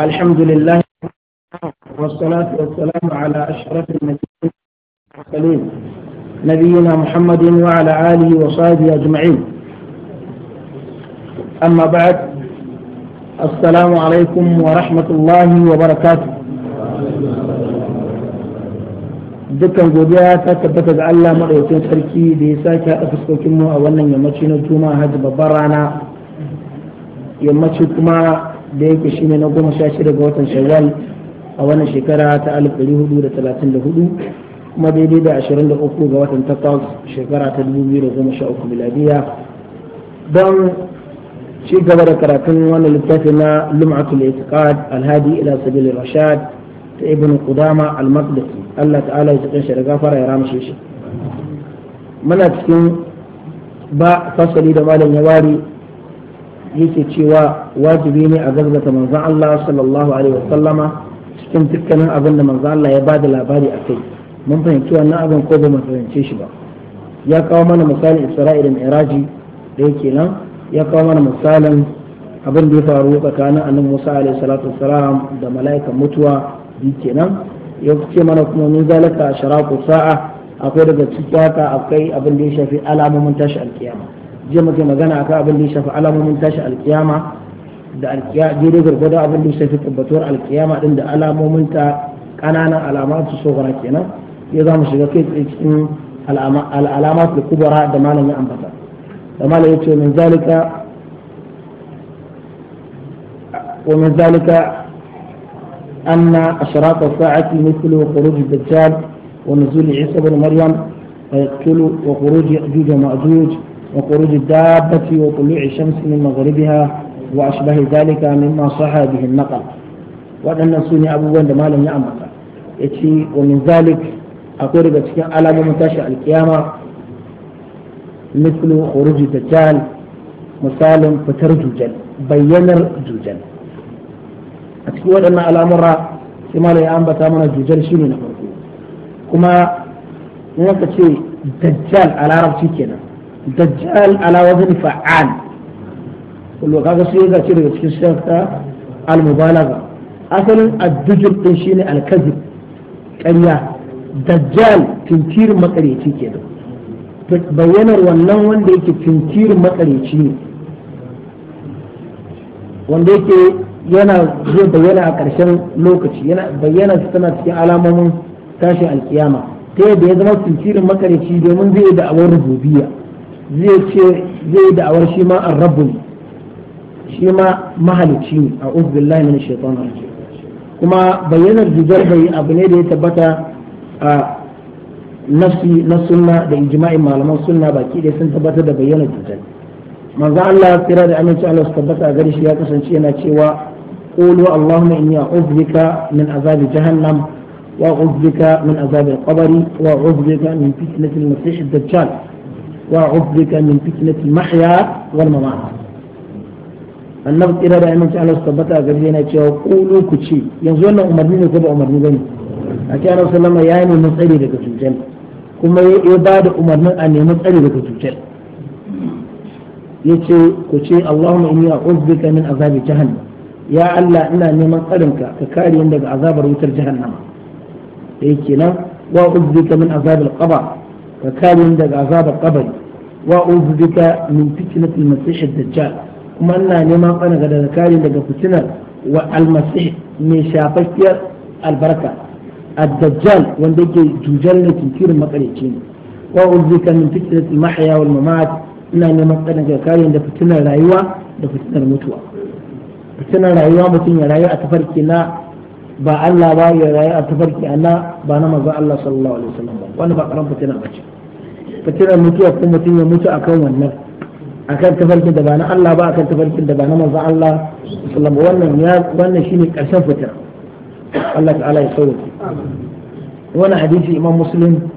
الحمد لله والصلاة والسلام على أشرف النبيين المرسلين نبينا محمد وعلى آله وصحبه أجمعين أما بعد السلام عليكم ورحمة الله وبركاته dukkan godiya ta tabbata ga Allah madaukakin sarki da ya sake haɗa fuskokinmu a wannan yammaci na juma'a hajji babbar rana yammaci kuma da yake shi ne na goma sha shida ga watan shawwal a wannan shekara ta alif ɗari hudu da talatin da hudu kuma daidai da ashirin da uku ga watan takwas shekara ta dubu biyu da goma sha uku miladiya don ci gaba da karatun wannan littafi na lum'atul itiqad alhadi ila sabil rashad ta ibn qudama al-maqdisi Allah ta'ala ya cikin shi da gafara ya ramshe shi muna cikin ba fasali da malam ya wari yake cewa wajibi ne a gazgata manzon Allah sallallahu alaihi wasallama cikin dukkanin abin da manzon Allah ya bada labari a kai mun fahimci wannan abin ko ba mu fahimce shi ba ya kawo mana misalin Isra'ila da Iraji da yake nan ya kawo mana misalin abin da ya faru tsakanin annabi Musa alaihi salatu da mala'ikan mutuwa bi kenan ya ce mana kuma min zalika sharaqu sa'a akwai daga cikin haka akwai abin da ya shafi alamomin tashi alkiyama je muke magana akan abin da ya shafi alamomin tashi alkiyama da alkiyama daidai gwargwado abin da ya shafi tabbatuwar alkiyama din da alamomin ta kananan alamatu sogara kenan ya za mu shiga kai tsaye cikin al'alamatu kubara da malam ya ambata da malam ya ce min zalika ومن ذلك أن أشراط الساعة مثل خروج الدجال ونزول عيسى بن مريم ويقتل وخروج يأجوج ومأجوج وخروج الدابة وطلوع الشمس من مغربها وأشبه ذلك مما صح به النقل وأن سوني أبو وند ما لم يأمر يتي ومن ذلك أقول بتكين على منتشع القيامة مثل خروج الدجال مثال فتر جوجل بينر جوجل أتقول أن الأمر كما لا أنبت من جوجل شنو نقول كما in ka ce dajjal a larabci kenan dajjal ala wazin fa'al kullu kaga sai ga cire cikin shafta al mubalagha asalin ad-dujul din shine al-kadhib kanya dajjal tinkir makareci kenan bayyanar wannan wanda yake tinkir makareci ne wanda yake yana zai bayyana a ƙarshen lokaci yana bayyana tana cikin alamomin tashin alkiyama ta yadda ya zama tinkirin makareci domin zai da abin rububiya zai ce zai da'awar shi ma an rabu shi ma mahalicci ne a uzbillahi min shaitan kuma bayyanar jidar bai abu ne da ya tabbata a nafsi na sunna da ijma'in malaman sunna baki da sun tabbatar da bayyanar jidar manzo Allah kira da aminci Allah su tabbata a gare shi ya kasance yana cewa qulu allahumma inni a bika min azabi jahannam wa a'udhu min azabi al-qabri wa a'udhu min fitnatil masiih ad-dajjal وعبدك من فتنة المحيا والممات annabi kira da aminci Allah su tabbata a gari yana cewa kulu ku ce yanzu wannan umarni ne ko ba umarni bane a ce annabi ya yi neman tsari daga cutar kuma ya ba da umarnin a neman tsari daga cutar ya ce ku ce Allahumma inni a'udhuka min azabi jahannam ya Allah ina neman tsarinka ka kare daga azabar wutar jahannama da yake nan wa uzzika min azabil ka kare ni daga azabar kabari wa uzbika min fitnatil masih dajjal kuma ina neman tsana ga daga kare daga fitinar wa almasih mai shafaffiyar albarka ad wanda yake jujar ne kinkirin makareci ne wa uzbika min fitnatil mahya wal mamat ina neman tsana ga kare da fitinar rayuwa da fitinar mutuwa fitinar rayuwa mutum ya rayu a tafarki na ba Allah ba ya rayu a tafarki ana ba na maza Allah sallallahu alaihi wasallam ba wani ba karan fitina bace fitinar mutuwa ko mutum ya mutu akan wannan akan tafarkin da ba na Allah ba akan tafarkin da ba na manzon Allah sallallahu wannan ya wannan shine karshen fitina Allah ta'ala ya sauke wannan hadisi Imam Muslim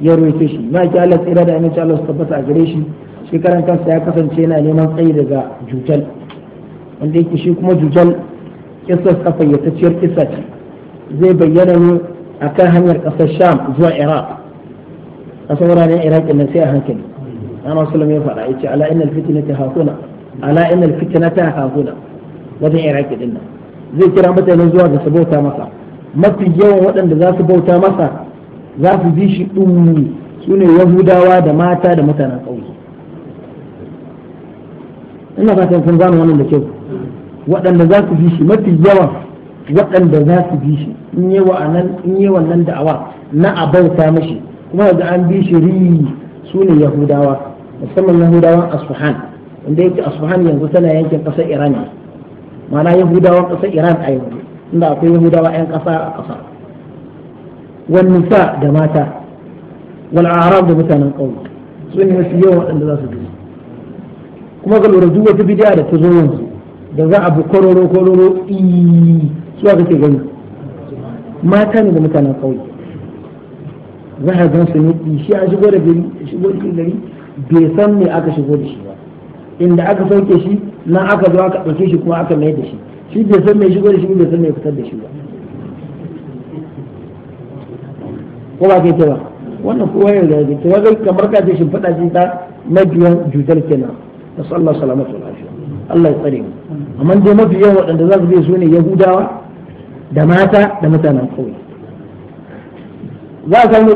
ya roke shi ma ki Allah tsira da annabi Allah tabbata a gare shi shi karan kansa ya kasance yana neman tsayi daga jujal. wanda yake shi kuma jujal kissar ta fayyatacciyar ce zai bayyana ne akan hanyar kasar Sham zuwa Iraq kasan wuraren iraki nan sai a hankali ana wasu ya faɗa ya ala inal ta hakuna ala inal ta hakuna wajen iraki din nan zai kira mutane zuwa ga su bauta masa mafi yawan waɗanda za su bauta masa za su bi shi ɗumi su ne yahudawa da mata da mutanen ƙauye ina ta kun gano wannan da kyau waɗanda za su bi shi mafi yawan waɗanda za su bi shi in yi wa da da'awa na a bauta mashi kuma da an bi shiri su ne yahudawa musamman yahudawan asfahan inda yake asfahan yanzu tana yankin ƙasar iran ne ma'ana yahudawan ƙasar iran a yanzu inda akwai yahudawa 'yan ƙasa a ƙasa sa da mata wani arab da mutanen ƙauye su ne masu yawan waɗanda za su zo kuma ga lura duk wata bidiya da ta zo yanzu da za a bi kororo kororo i su aka ke gani mata ne da mutanen ƙauye za a gan su ne shi a shigo da gari shigo da gari bai san me aka shigo da shi ba inda aka sauke shi nan aka zo aka ɗauke shi kuma aka mai da shi shi bai san me shigo da shi bai san me fitar da shi ba ko ba kai ba wannan kowa ya zai ta wajen kamar ka ce shimfiɗa ce ta mabiyan jutar kenan na sallah salamatu lafiya Allah ya tsare mu amma dai mafi yawan waɗanda za su bai su ne yahudawa da mata da mutanen kauye za a samu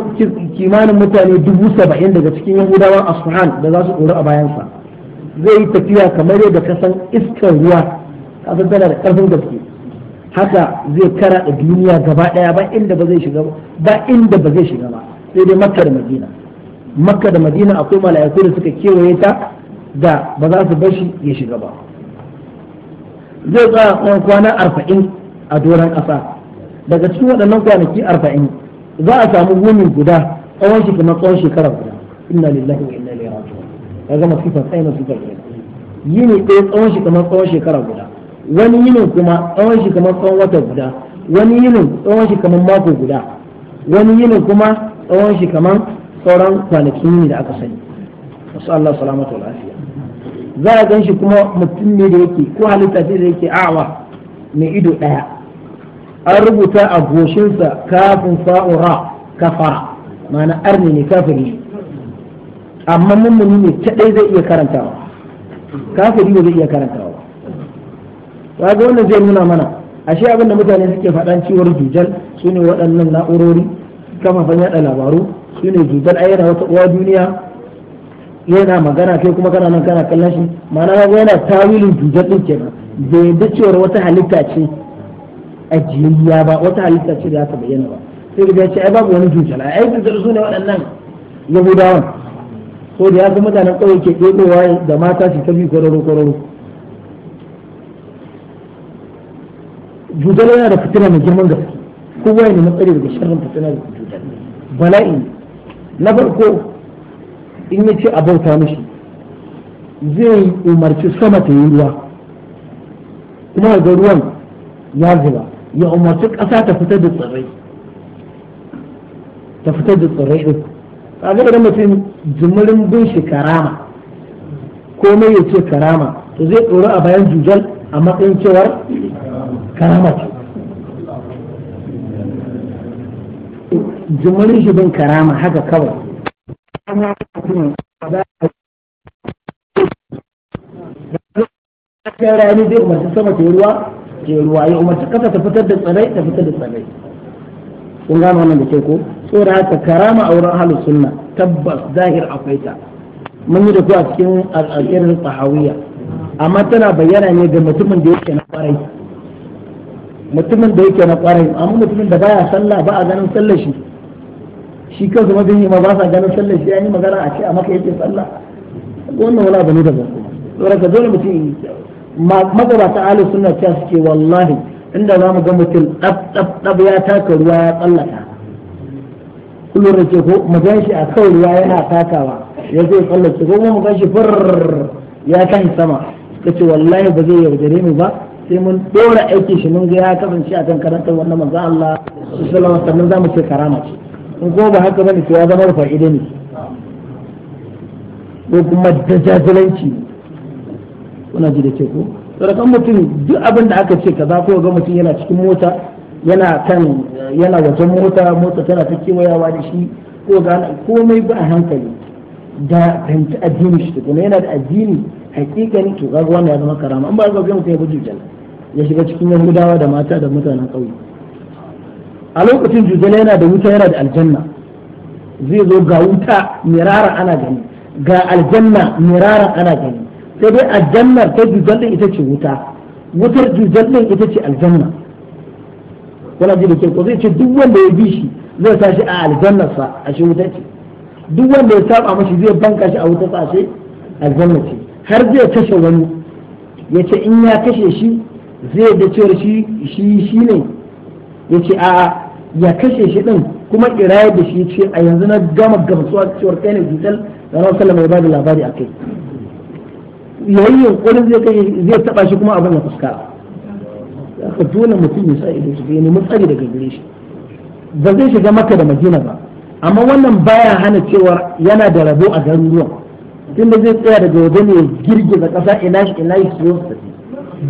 kimanin mutane dubu saba'in daga cikin yahudawan asfahan da za su tsoro a bayansa zai yi tafiya kamar yadda ka san iskar ruwa kasan tana da ƙarfin gaske haka zai kara da duniya gaba ɗaya ba inda ba zai shiga ba inda ba zai shiga ba sai dai makka da madina makka da madina akwai mala'iku da suka kewaye ta da ba za su bashi ya shiga ba zai tsaya kwana arba'in a doron ƙasa daga cikin waɗannan kwanaki arba'in za a samu gumi guda tsawon shi kamar tsawon shekara guda inna lillahi wa inna ilaihi raji'un ya gama sifa sai na sifa ke yini ɗaya tsawon shi kamar tsawon shekara guda wani yinin kuma tsawon shi kamar tsawon wata guda wani yinin tsawon shi kamar mako guda wani yinin kuma tsawon shi kamar sauran kwanakin yini da aka sani wasu Allah salamatu wa lafiya za a gan shi kuma mutum ne da yake ko halitta ce da yake awa mai ido ɗaya an rubuta a goshinsa kafin fa'ura kafara ma'ana arni ne kafiri amma mummuni ne kadai zai iya karantawa kafiri ne zai iya karantawa ba ga wannan zai nuna mana ashe abin da mutane suke faɗan ciwar jujal su ne waɗannan na'urori kafafen yaɗa labaru su ne jujal ai yana wata uwa duniya yana magana kai kuma kana nan kana kallon shi ma'ana yana tawilin jujal ɗin kenan bai da cewar wata halitta ce ajiyayya ba wata halitta ce da aka bayyana ba sai da ce ai babu wani dujala ai dujala su ne waɗannan yahudawan ko da ya ga mutanen ƙauye ke ɗebowa da mata su ta bi kororo kororo dujala yana da fitina mai girman gaske kowa ne matsari daga sharrin fitina da dujala bala'i na farko in ya ce a bauta mishi zai umarci sama ta yi ruwa kuma ga ruwan ya zuba ya umarci ƙasa ta fitar da tsirrai ta fitar da tsirrai ɗin kaga idan mutum jimirin bin shi karama komai ya ce karama to zai tsoro a bayan jujal a matsayin cewar karama ce jimirin shi bin karama haka kawai rani zai umarci sama ta ruwa ke ruwa ya umarci kasa ta fitar da tsirai ta fitar da tsirai kun gano wannan da ke ko saboda haka karama a wurin halin sunna tabbas zahir akwai ta mun yi da ku a cikin al'akirin sahawiyya amma tana bayyana ne ga mutumin da yake na kwarai mutumin da yake na kwarai amma mutumin da baya sallah ba a ganin sallar shi shi kansu mazin ma ba sa ganin sallar shi ya yi magana a ce a maka yake sallah wannan abu ne da ba dole mutum ta ahlus sunna ta suke wallahi inda za mu ga mutum ɗab ya taka ruwa ya tsallaka kullum da ke ko mu gan shi a kawai ruwa yana takawa ya zai tsallake ko mu gan shi fur ya kan sama ka ce wallahi ba zai yaudare mu ba sai mun ɗora aiki shi mun ga ya kasance a kan karantar wannan manzo Allah sallallahu alaihi wasallam zamu ce karama ce in ko ba haka bane to ya zama fa'ida ne ko kuma dajajilanci kuna ji da ke ko kan mutum duk abin da aka ce kaza ko ga mutum yana cikin mota yana kan yana wajen mota mota tana ta kewayawa da shi ko ga komai ba a hankali da fahimci addini shi tukuna yana da addini hakikani to kaga wannan ya zama karama an ba ga mutum ya buji jala ya shiga cikin yahudawa da mata da mutanen ƙauye a lokacin jujjala yana da wuta yana da aljanna zai zo ga wuta mirara ana gani ga aljanna mirara ana gani sai dai aljannar ta jujjal din ita ce wuta wutar jujjal din ita ce aljanna wala ji da ke ko zai ce duk wanda ya bi shi zai tashi a aljannar sa a shi wuta ce duk wanda ya saba mashi zai banka shi a wuta sa shi aljanna ce har zai kashe wani ya ce in ya kashe shi zai da cewar shi shi shi ne ya ce a ya kashe shi din kuma iraya da shi ce a yanzu na gama gamsuwa cewar kai ne jujjal da rawar sallama ya ba da labari a kai yayin yunkurin zai kai zai taba shi kuma abin ya fuskara ka dole mutum ya sa ido shi ya nemi tsari daga gare shi ba zai shiga maka da madina ba amma wannan baya hana cewa yana da rabo a garuruwan tunda zai tsaya daga waje ne girgiza kasa ina shi ina shi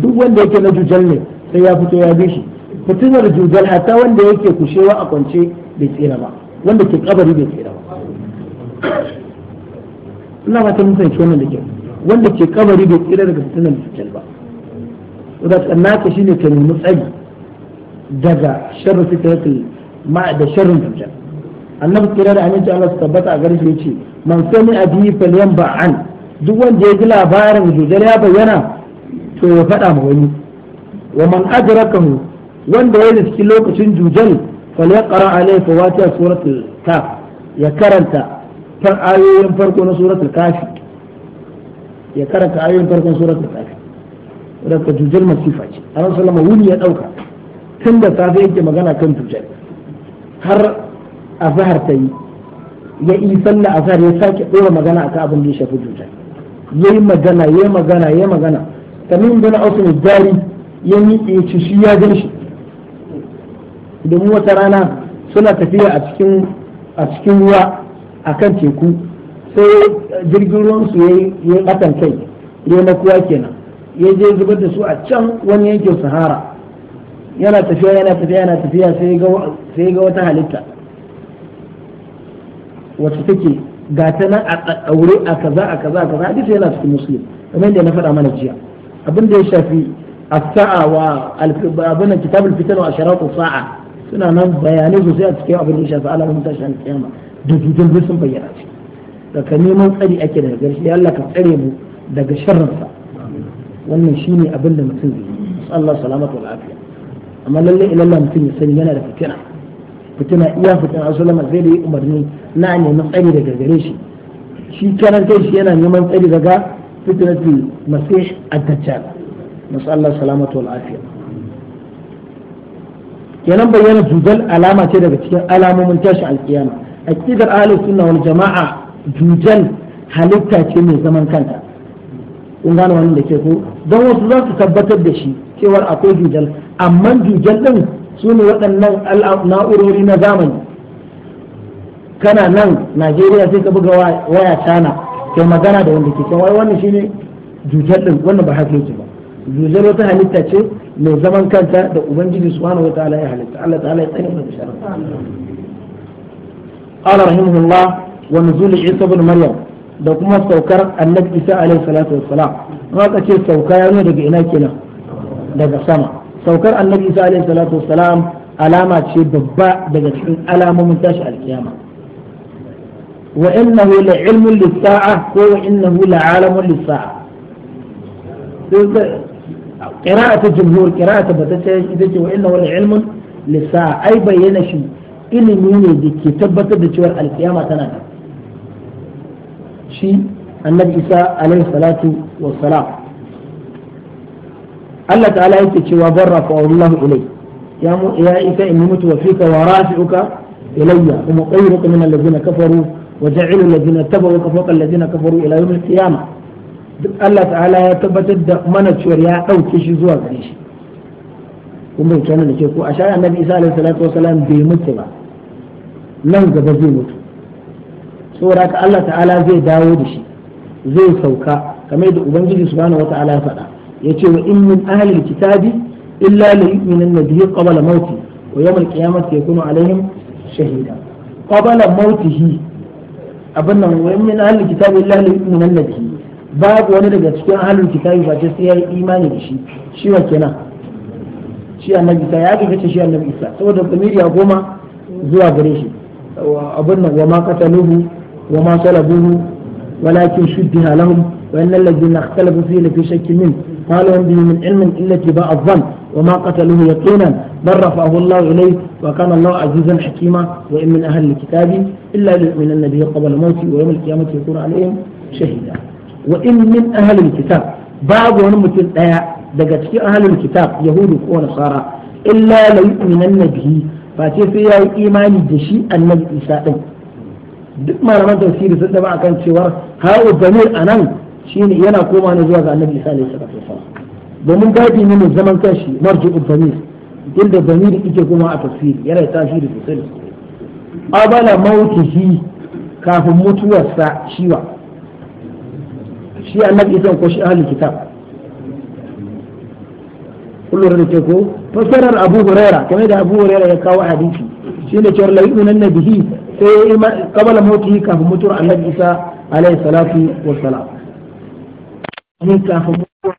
duk wanda yake na jujal ne sai ya fito ya bi shi fitinar jujal hatta wanda yake kushewa a kwance bai tsira ba wanda ke kabari bai tsira ba ina ba ta mun wannan da kyau wanda ke kabari bai tsira daga fitinar dajjal ba saboda naka shine ka nemi tsayi daga sharrin fitnatul ma da sharrin dajjal annabi kira da aminci Allah su tabbata a garshe yace man sami abi falyan ba'an duk wanda ya ji labarin dajjal ya bayyana to ya faɗa ma wani wa man adrakahu wanda ya riski lokacin dujal falyaqra alayhi fawatiha suratul kaf ya karanta far ayoyin farko na suratul kafi ya karanta ayoyin farkon surat da safe da ka jujjal masifa ce ran sallama wuni ya dauka tun da safe yake magana kan jujjal har azhar ta yi ya yi sallah azhar ya sake dora magana akan abin da ya shafi jujjal yayi magana yayi magana yayi magana tamim bin ausun dari ya miƙe ci shi ya gan shi domin wata rana suna tafiya a cikin ruwa a kan teku sai jirgin ruwan su ya yi ɓatan kai ya makuwa kenan ya je zubar da su a can wani yankin sahara yana tafiya yana tafiya yana tafiya sai ga wata halitta wacce take ga ta nan a ɗaure a kaza a kaza a kaza hadisi yana cikin muslim kamar da na faɗa mana jiya abin da ya shafi as-sa'a wa abin kitabul fitan wa asharatu sa'a suna nan bayanai sosai a cikin abin da ya shafi alamun tashin kiyama da dudun sun bayyana cikin daga neman tsari ake daga gare shi Allah ka tsare mu daga sharrinsa wannan shine abin da mutum zai yi Allah salamatu wal afiya amma lalle ilallah mutum ya sani yana da fitina fitina iya fitina sallama zai da yi umarni na nemi tsari daga gare shi shi kanan kai shi yana neman tsari daga fitnatul masih ad-dajjal masu Allah salamatu wal afiya kenan bayyana judal alama ce daga cikin alamomin tashi alkiyama aqidar ahlus sunna wal jama'a dujal halitta ce mai zaman kanta kun gano wani da ke ko don wasu za su tabbatar da shi cewar akwai dujal amma dujal din su ne waɗannan na'urori na zamani kana nan najeriya sai ka buga waya cana kai magana da wanda ke can wai wannan shine dujal din wannan ba haka yake ba dujal wata halitta ce mai zaman kanta da ubangiji subhanahu wataala ya halitta Allah ta'ala ya tsare mu da sharar قال wa nuzul isa ibn da kuma saukar annabi isa alaihi salatu wassalam in aka ce sauka ya daga ina kenan daga sama saukar annabi isa alaihi salatu wassalam alama ce babba daga cikin alamomin tashi alkiyama wa innahu la ilmun lis ko wa innahu la alamun lis-sa'a قراءة الجمهور قراءة بتتي وإنه لعلم shi أي بيّن شيء إلي مين دي كتبت دي tana تنادي shi annabi isa alaihi salatu wa salam Allah ta'ala yake cewa barra fa Allah ilai ya mu ya isa inni mutu wa fika wa rafi'uka ilayya kuma qayruka min alladhina kafaru wa ja'ilu alladhina tabawuka fawqa alladhina kafaru ila yawm al-qiyamah duk Allah ta'ala ya tabbatar da mana cewa ya dauke shi zuwa gare shi kun bai kenan da ke ko a shari'a annabi isa alaihi salatu wa salam bai mutu ba nan gaba zai mutu saboda haka Allah ta'ala zai dawo da shi zai sauka kamar da ubangiji subhanahu wata'ala ya faɗa ce wa in min ahlil kitabi illa la yu'minu bihi qabla mauti wa yawm al-qiyamati yakunu alaihim shahida qabla mautihi abin nan wa in min ahlil kitabi illa la yu'minu bihi babu wani daga cikin ahlul kitabi ba ce sai yayi imani da shi shi wa kenan shi annabi ta ya ga shi annabi isa saboda ya goma zuwa gare shi abin nan wa ma qataluhu وما طلبوه ولكن شبه لهم وإن الذين اختلفوا فيه لفي شك منه ما لهم به من علم إلا اتباع الظن وما قتلوه يقينا بل رفعه الله إليه وكان الله عزيزا حكيما وإن من أهل الكتاب إلا ليؤمنن به قبل موته ويوم القيامة يكون عليهم شهيدا وإن من أهل الكتاب بعض ونمت الآية دقت أهل الكتاب يهود ونصارى إلا ليؤمنن به فاتي في إيماني دشي النبي إيسا duk malaman tafsiri sun daba akan cewa hawo damir anan shine yana koma ne zuwa ga annabi isa alaihi salatu wasallam domin babi ne mai zaman kanshi marju'u damir inda damir yake koma a tafsiri yana tasiri sosai abala shi kafin mutuwarsa shiwa shi annabi isa ko shi ahli kitab kullum da ke ko fasarar abu huraira kamar da abu huraira ya kawo hadisi shine cewa la yu'minu bihi sai kabala mauti kafin mutuwar annabi isa alaihi salatu wa ne kafin mutuwar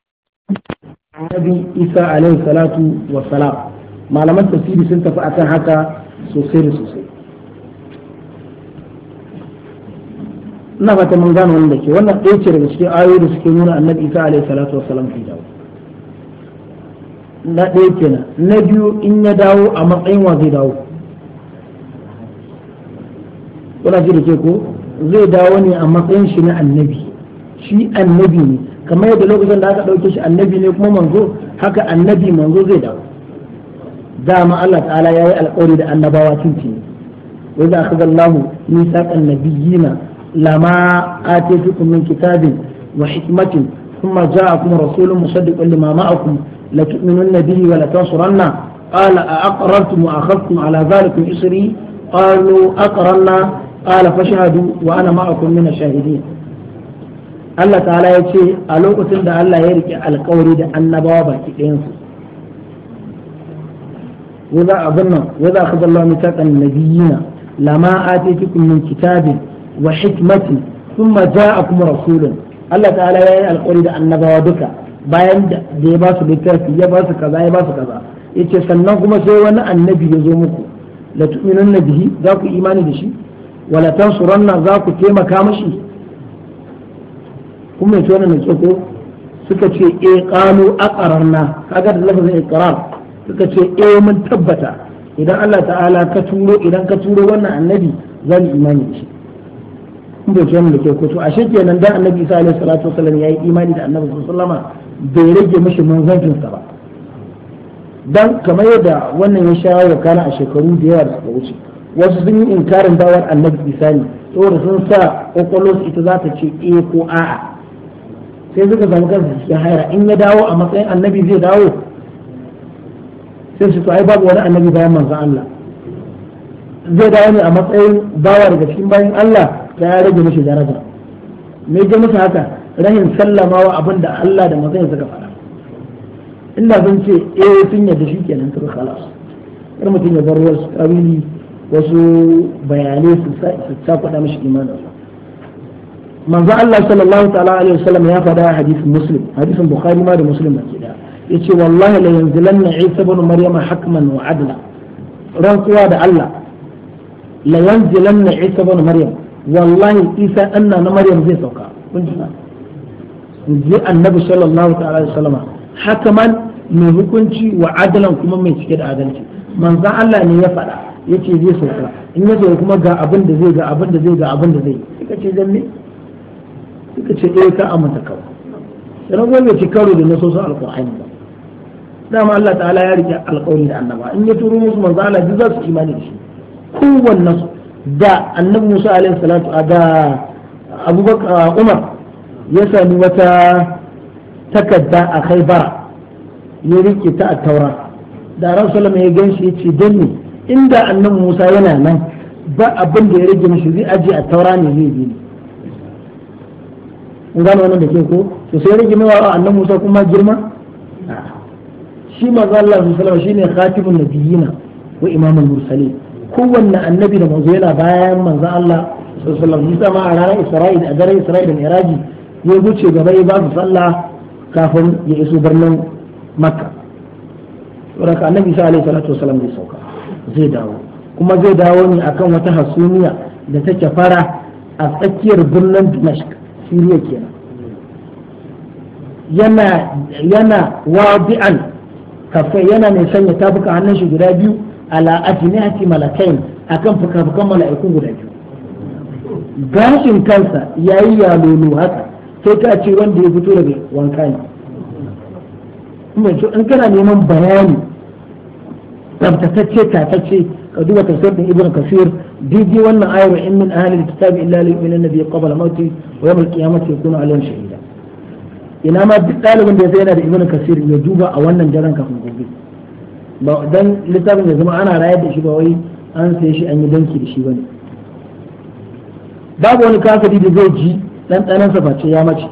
annabi isa alaihi salatu wa salam malaman tafsiri sun tafi akan haka sosai da sosai ina fata mun gano wanda ke wannan ɗaya ce daga cikin ayoyi da suke nuna annabi isa alaihi salatu wa salam ke dawo na ɗaya kenan na biyu in ya dawo a matsayin wa zai dawo kuna ji da ke ko zai dawo ne a matsayin shi na annabi shi annabi ne kamar yadda lokacin da aka ɗauke shi annabi ne kuma manzo haka annabi manzo zai dawo dama Allah ta'ala ya yi alƙawari da annabawa tun ne wai za a Allah ni nisaqan nabiyina lama atiyakum min kitabin wa hikmatin kuma ja'akum rasulun musaddiqun lima ma'akum la tu'minunna bihi wa la qala a aqrartum wa akhadtum ala dhalikum isri qalu aqrarna qala fashhadu wa ana ma'akum min ash-shahidin Allah ta'ala ya ce a lokacin da Allah ya rike alkawari da annabawa baki ɗayansu waza abin nan waza akhadha Allah mithaqan nabiyina lama atitukum min kitabin wa hikmatin thumma ja'akum rasulun Allah ta'ala ya yi alkawari da annabawa duka bayan da ya ba su littafi ya ba su kaza ya ba su kaza yace sannan kuma sai wani annabi ya zo muku la tu'minun bihi za ku imani da shi wala nan za ku taimaka mashi kuma yace mai tsoko suka ce a eh, qalu aqararna kaga da lafazin iqrar suka ce e mun tabbata idan Allah ta'ala ka turo idan ka turo wannan annabi zan imani da shi in bai ce da ke ko to ashe kenan dan annabi Isa alaihi salatu wasallam yayi imani da annabi sallallahu alaihi bai rage mashi manzancin sa ba dan kamar yadda wannan ya sha kana a shekaru da yawa da suka wuce wasu sun yi inkarin dawar annabi isa ne saboda sun sa kokolos ita za ta ce eh ko a'a sai suka zama kansu cikin haira in ya dawo a matsayin annabi zai dawo sai su to ai babu wani annabi bayan manzon Allah zai dawo ne a matsayin bawa daga cikin bayan Allah ta ya rage mishi daraja me ya musu haka rahin sallamawa abin da Allah da manzon suka faɗa inda sun ce eh sun yarda shi kenan suka khalas kar mutum ya bar wasu kawili wasu bayanai su cakuɗa mashi imaninsa manzo Allah sallallahu ta'ala alaihi wasallam ya faɗa a hadisin muslim hadisin bukhari ma da muslim da ke da yace wallahi la yanzilanna isa ibn maryama hakman wa adla rantsuwa da Allah la yanzilanna isa ibn maryam wallahi isa anna na maryam zai sauka kun ji ji annabi sallallahu ta'ala alaihi wasallam hakaman mai hukunci wa adalan kuma mai cike da adalci manzo Allah ne ya faɗa yace zai sauka in ya sauka kuma ga abin da zai ga abin da zai ga abin da zai suka ce dan me suka ce eh ka amince kawai sanan kuma bai ci karo da nasosin alqur'ani ba dama Allah ta'ala ya rike alƙawari da annaba in ya turo musu manzo Allah duk za su imani da shi kowanne su da annabi Musa alaihi salatu da Abubakar Umar ya sami wata takarda a Khaibar ya rike ta a Taura da Rasulullah ya ganshi ya ce dan ne inda annan Musa yana nan ba abin da ya rage mashi zai aji a taura ne zai bi in gano wannan da ke ko to sai rage mai wa annan Musa kuma girma shi manzo Allah sallallahu shi ne shine khatibun nabiyina wa imamul mursalin kowanne annabi da manzo yana bayan manzo Allah sallallahu alaihi wasallam Musa ma a ranar Isra'il a daren Isra'il da Miraji ya wuce gaba ya ba su sallah kafin ya iso birnin Makka. Saboda annabi sallallahu alaihi wasallam bai sauka zai dawo kuma zai dawo ne akan wata hasumiya da take fara a tsakiyar birnin Dimashq Siriya kenan yana yana wabi'an kafai yana mai sanya tafuka hannun shi guda biyu ala ajnihati malakain akan kan mala'iku mala'ikun guda biyu gashin kansa yayi yalolo haka sai ka ce wanda ya fito daga wanka ne in kana neman bayani tsabtatacce tatacce ka duba tafsir din ibnu kasir didi wannan ayar in min ahli alkitabi illa li yu'minu nabiy qabla mauti wa yawm alqiyamati yakunu alayhim shahida ina ma duk dalibin da ya yana da ibnu kasir ya duba a wannan daren kafin gobe ba dan littafin ya zama ana rayar da shi ba wai an sai shi an yi danki da shi bane babu wani kafiri da zai ji dan sa face ya mace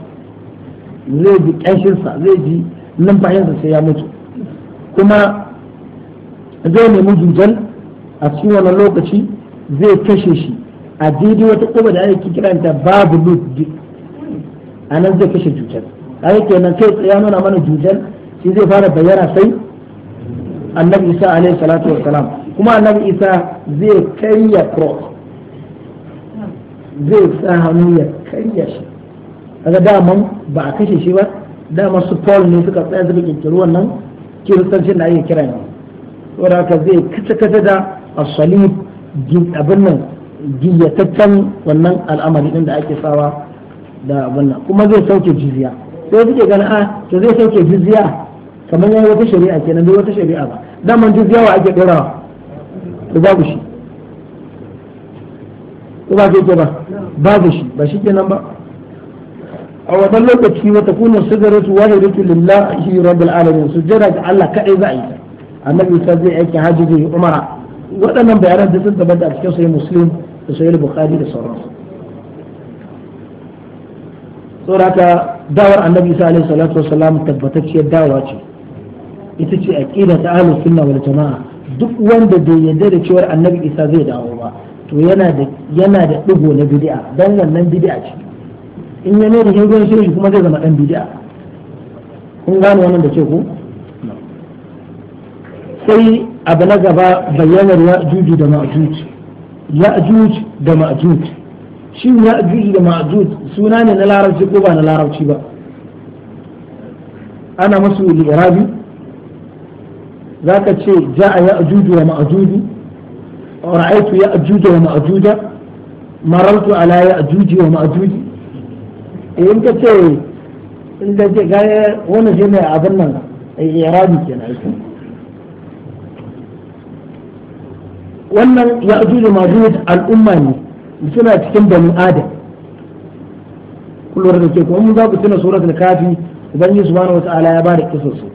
zai ji kanshin sa zai ji numfashin sa sai ya mutu kuma zai nemi dujal a cikin wannan lokaci zai kashe shi a daidai wata kuma da ake kiranta babu lut a nan zai kashe dujal a kenan kai ya nuna mana dujal shi zai fara bayyana sai annabi isa alaihi salatu wa salam kuma annabi isa zai karya cross zai sa hannu ya karya shi daga daman ba a kashe shi ba dama su paul ne suka tsaya suka kirkiri wannan kiristancin da ake kira yanzu saboda haka zai kace kace da asali abin nan giyataccen wannan al'amari din da ake sawa da abin nan kuma zai sauke jizya sai suke ganin a ah, to zai sauke jizya kamar yayi wata shari'a kenan bai wata shari'a ba daman jizya wa ake dorawa to babu shi ko ba ke ba babu shi ba shi kenan ba a wannan lokaci wata kuna sigaratu wahidatu lillahi rabbil alamin sujjada ga Allah kadai za a yi annabi isa zai aiki hajji zai umara waɗannan bayanan da sun tabbata a cikin sahih muslim da sahih bukhari da sauransu saboda haka dawar annabi isa alaihi salatu wassalam tabbatacciyar dawa ce ita ce aqida ta ahlus sunna wal jamaa duk wanda bai yarda da cewar annabi isa zai dawo ba to yana da yana da digo na bid'a dan wannan bid'a ce in ya mai da hirgon shi kuma zai zama dan bid'a kun gano wannan da ce ku sai abu na gaba bayyanar ya'juj da ma'juj ya'juj da ma'juj shi ya'juj da ma'juj suna ne na larabci ko ba na larabci ba ana masu li'irabi za ka ce ja'a ya'juj wa ma'juj ra'aytu ya'juj wa ma'juj marartu ala ya'juj wa ma'juj eh, in ka ce in ka ce ga wani jami'a abin nan irabi kenan wannan ya ajuju majuj al'umma ne suna cikin bani adam kullum da ke kuma mun za ku tuna suratul kafi ubangiji subhanahu wata'ala ya bada da su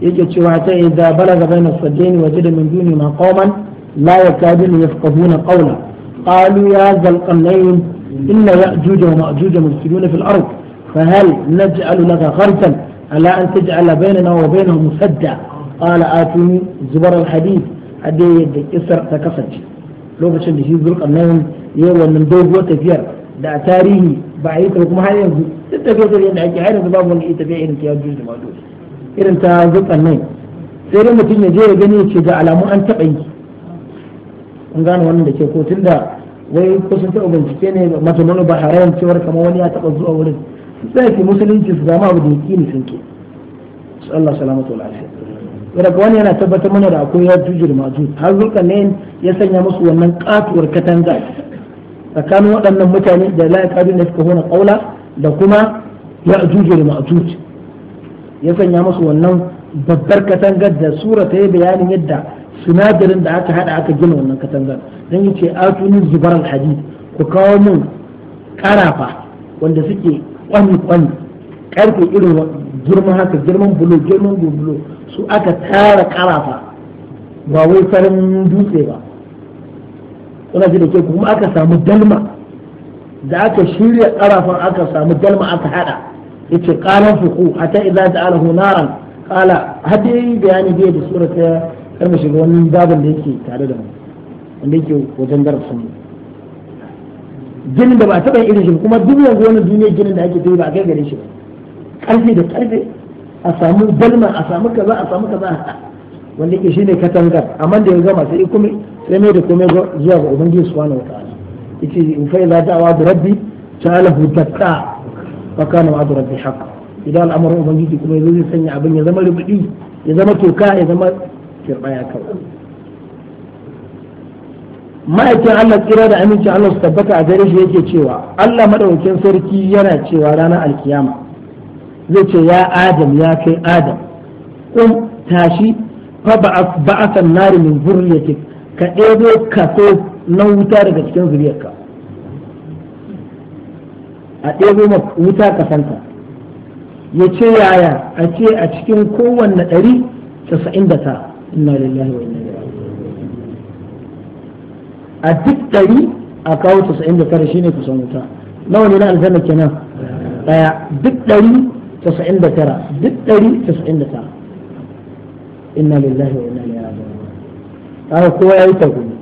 yake cewa ta da balaga baina sadaini waje da duni ma qauman la yakadun yafqahuna qawla qalu ya zal qarnayn inna ya'juj wa ma'juj mufsidun fil an ta نجعل لك bai na أن تجعل بيننا وبينهم kala قال zubar زبر الحديد a dai yadda kisar ta kasance lokacin da shi nan ya wannan doguwar tafiyar da a tarihi ba a yi ta kuma har yanzu duk tafiyar da ake har yanzu babu wani ita bai irin ta yajuj da dole irin ta nan sai dai mutum ya je ya gani ce ga alamu an taɓa yi kun gane wannan da ke ko tun da wai kusan taɓa bincike ne majalolu ba harayan cewar kamar wani ya taɓa zuwa wurin sai ke musulunci su zama abu da yake ne sun ke Allah salamatu wal daga wani yana tabbatar mana da akwai yadda da masu har ne ya sanya musu wannan katuwar katanga tsakanin waɗannan mutane da la yaqadun da suka hona ƙaula da kuma ya da masu ya sanya musu wannan babbar katangar da sura ta yi bayanin yadda sinadarin da aka haɗa aka gina wannan katangar don dan yace atuni zubar alhadid ku kawo min ƙarafa wanda suke kwani kwani karfe irin girman haka girman bulo girman bulo su aka tara karafa ba wai farin dutse ba kuna ji da ke kuma aka samu dalma da aka shirya karafan aka samu dalma aka hada yace qalan fuqu hatta idza ja'alahu naran qala hadi bayani bai da surata kar mu shiga wani babin da yake tare da mu wanda yake wajen darasin ginin da ba taɓa irin shi kuma duk yanzu wani duniya ginin da ake tafi ba a kai gare shi ba karfe da karfe a samu balma a samu kaza a samu kaza a wanda yake shine katangar amma da ya gama sai kuma sai mai da komai zuwa ga ubangiji subhanahu wataala yace in fa ila da'wa wa rabbi ta'ala hu taqa fa kana wa rabbi haqq idan al'amarin ubangiji kuma yazo zai sanya abin ya zama rubudi ya zama toka ya zama kirbaya kawai ma'aikin Allah tsira da amincin Allah su tabbata a gare shi yake cewa Allah madaukakin sarki yana cewa ranar alkiyama zai ce ya adam ya kai adam kun tashi fa ba'athan nari min zurriyatik ka ɗebo kaso na wuta daga cikin zuriyarka a ɗebo wuta kasanta ya ce yaya a ce a cikin kowanne ɗari casa'in da ta inna lillahi wa inna a duk ɗari a kawo casa'in da tara shine kusan wuta nawa ne na aljanna kenan ɗaya duk ɗari casa'in da tara duk ɗari casa'in da tara inna lillahi wa inna ilaihi raji'un haka kowa ya yi tagumi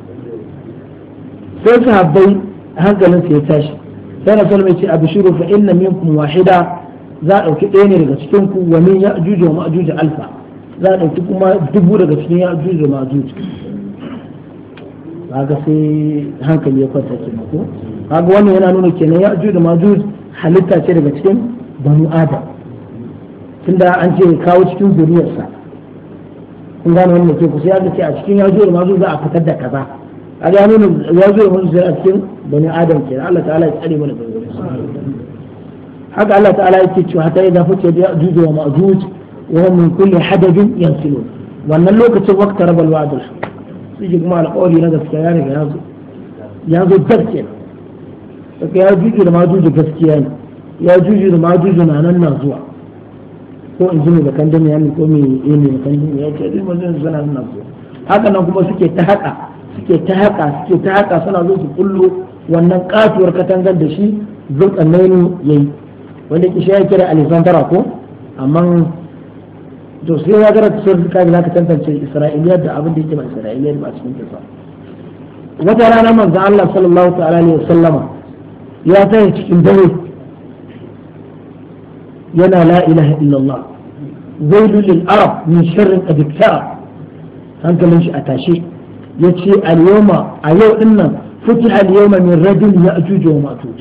sai sahabbai hankalin su ya tashi sai rasul mai ce abshiru fa inna minkum wahida za a ɗauki ɗaya ne daga cikin ku wa min ya'juj wa ma'juj alfa za a ɗauki kuma dubu daga cikin ya'juj wa kaga sai hankali ya yana nuna kenan ya'juj halitta ce daga cikin banu adam tunda an ce kawo cikin zuriyarsa kun gane wannan ke ku sai aka ce a cikin yazo da mazu za a fitar da kaza a ga nuna yazo da mazu a cikin bani adam ke Allah ta'ala ya tsare mana bayyana haka Allah ta'ala yake cewa hatta idza futiya ya'juj wa ma'juj wa hum min kulli hadabin yansilun wannan lokacin waqta rabal wa'dul sai kuma alƙawari na gaskiya ya riga ya zo ya zo darke saka ya juju da majuju gaskiya ne ya juju da majuju na nan na zuwa ko in ji da kan da ya ko mai ne eh, da kan da ya ce dai mazan suna suna so haka nan kuma suke ta haka suke ta haka suke ta haka suna zo su kullu wannan katuwar katangar da shi ya yayi wanda kishi ya kira alexandra ko amma to sai ya gara ta sai za ka tantance isra'iliyar da abin da yake ba isra'iliyar ba cikin kisa wata rana manzo Allah sallallahu ta'ala alaihi wasallama ya tsaya cikin dare yana la ilaha illallah wailul lil arab min sharrin adikta hankalin shi a tashe yace al yawma a yau dinnan futiha al yawma min rajul ya'juj wa ma'juj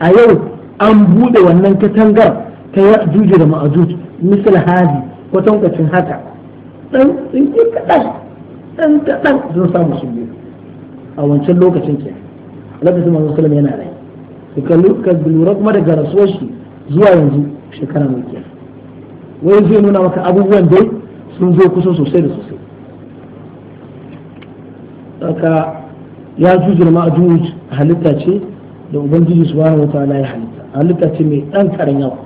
a yau an bude wannan katangar ta ya'juj da ma'juj misal hadi kwatankwacin haka dan tsinki kadan dan kadan samu su a wancan lokacin ke lokacin manzo yana kuma daga rasuwar shi zuwa yanzu shekara mai kiyar wai zai nuna maka abubuwan dai sun zo kusa sosai da sosai haka ya ma ma'ajuj halitta ce da ubangiji subhanahu wa ta'ala ya halitta halitta ce mai dan karan yawa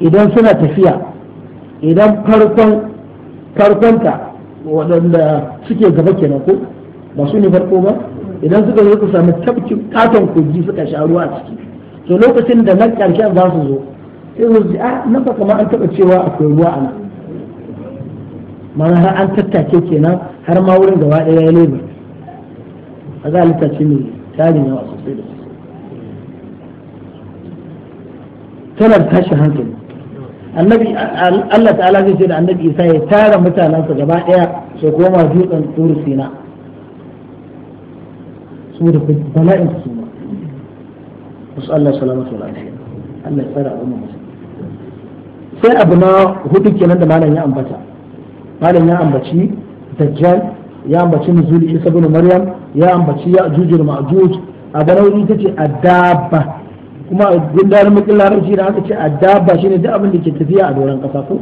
idan suna tafiya idan farkon farkonta waɗanda suke gaba kenan ko ba su ne farko ba idan suka zo ku sami tafkin katon kogi suka sha ruwa a ciki to lokacin da na karshen za su zo sai mu ji a ah, nan ba kamar an taɓa cewa akwai ruwa a nan mana har an tattake kenan har ma wurin gaba ɗaya ya lebe a za a ce mai tarin yawa sosai da sosai talar tashi hankali annabi Allah ta'ala zai ce da annabi Isa ya tara mutanensa gaba ɗaya su koma dutsen turu sina saboda bala'in su ma wasu Allah salamatu wa lafiya Allah ya tsara al'umma sai abu na hudu kenan da malam ya ambata malam ya ambaci dajjal ya ambaci nuzuli isa bin maryam ya ambaci ya jujur ma'juj a ga nauyi ita ce adaba kuma gudanar mukin larabci da aka ce adaba shi duk abin da ke tafiya a doron kasa ko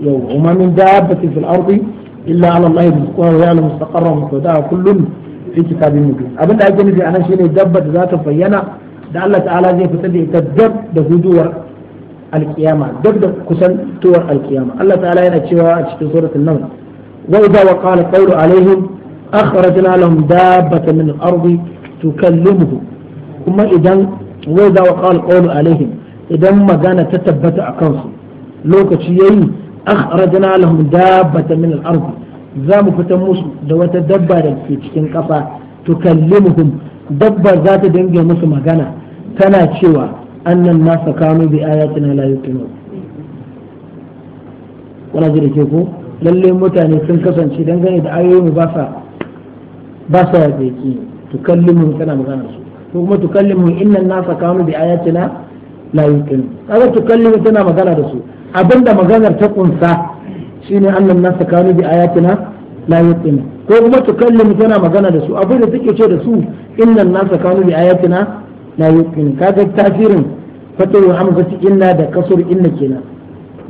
yau umma min dabbatin fil ardi illa ala allahi rizquha wa ya'lamu mustaqarrahu kullun fi kitabin mubin abin da ake nufi shi ne dabba da za ta bayyana da Allah ta'ala zai fitar da ita dab da huduwar alkiyama duk da kusan kusantowar alkiyama Allah ta'ala yana cewa a cikin suratul nahl wa idza waqala qawlu alaihim akhrajna lahum dabbatan min al-ardi tukallimuhu kuma idan wa idza waqala qawlu alaihim idan magana ta tabbata a kansu lokaci yayi akhrajna lahum dabbatan min al-ardi za mu fitar musu da wata dabba da ke cikin kasa tukallimuhum dabba za ta dinga musu magana tana cewa annan nasa kanu bi ayatina la yuqinun wala da ke ko lalle mutane sun kasance dangane da ayoyin ba sa ba sa da ki tukallimun kana magana su ko kuma tukallimun innan nasa kanu bi ayatina la yuqinun kaga tukallimun tana magana da su abinda maganar ta kunsa shine annan nasa kanu bi ayatina la yuqinun ko kuma tukallimun tana magana da su abinda take ce da su innan nasa kanu bi ayatina la yuqin kaga tasirin fatawa hamzati inna da kasur inna kenan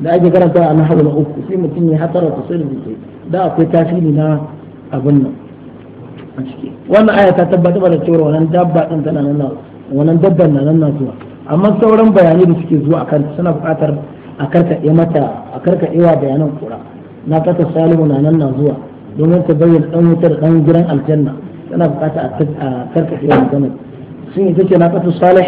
da ake karanta a uku sai mutum ya hatara tasirin da ke da akwai tasiri na abin nan a ciki wannan aya ta tabbatar da cewa wannan dabba din tana nan wannan dabban na nan zuwa amma sauran bayanai da suke zuwa akan suna buƙatar a karkaɗe mata a karkaɗe bayanan kura na kasa salihu na nan na zuwa domin ta bayyana ɗan wutar ɗan gidan aljanna tana buƙatar a karkaɗe wa maganar shin ita ce naqatu salih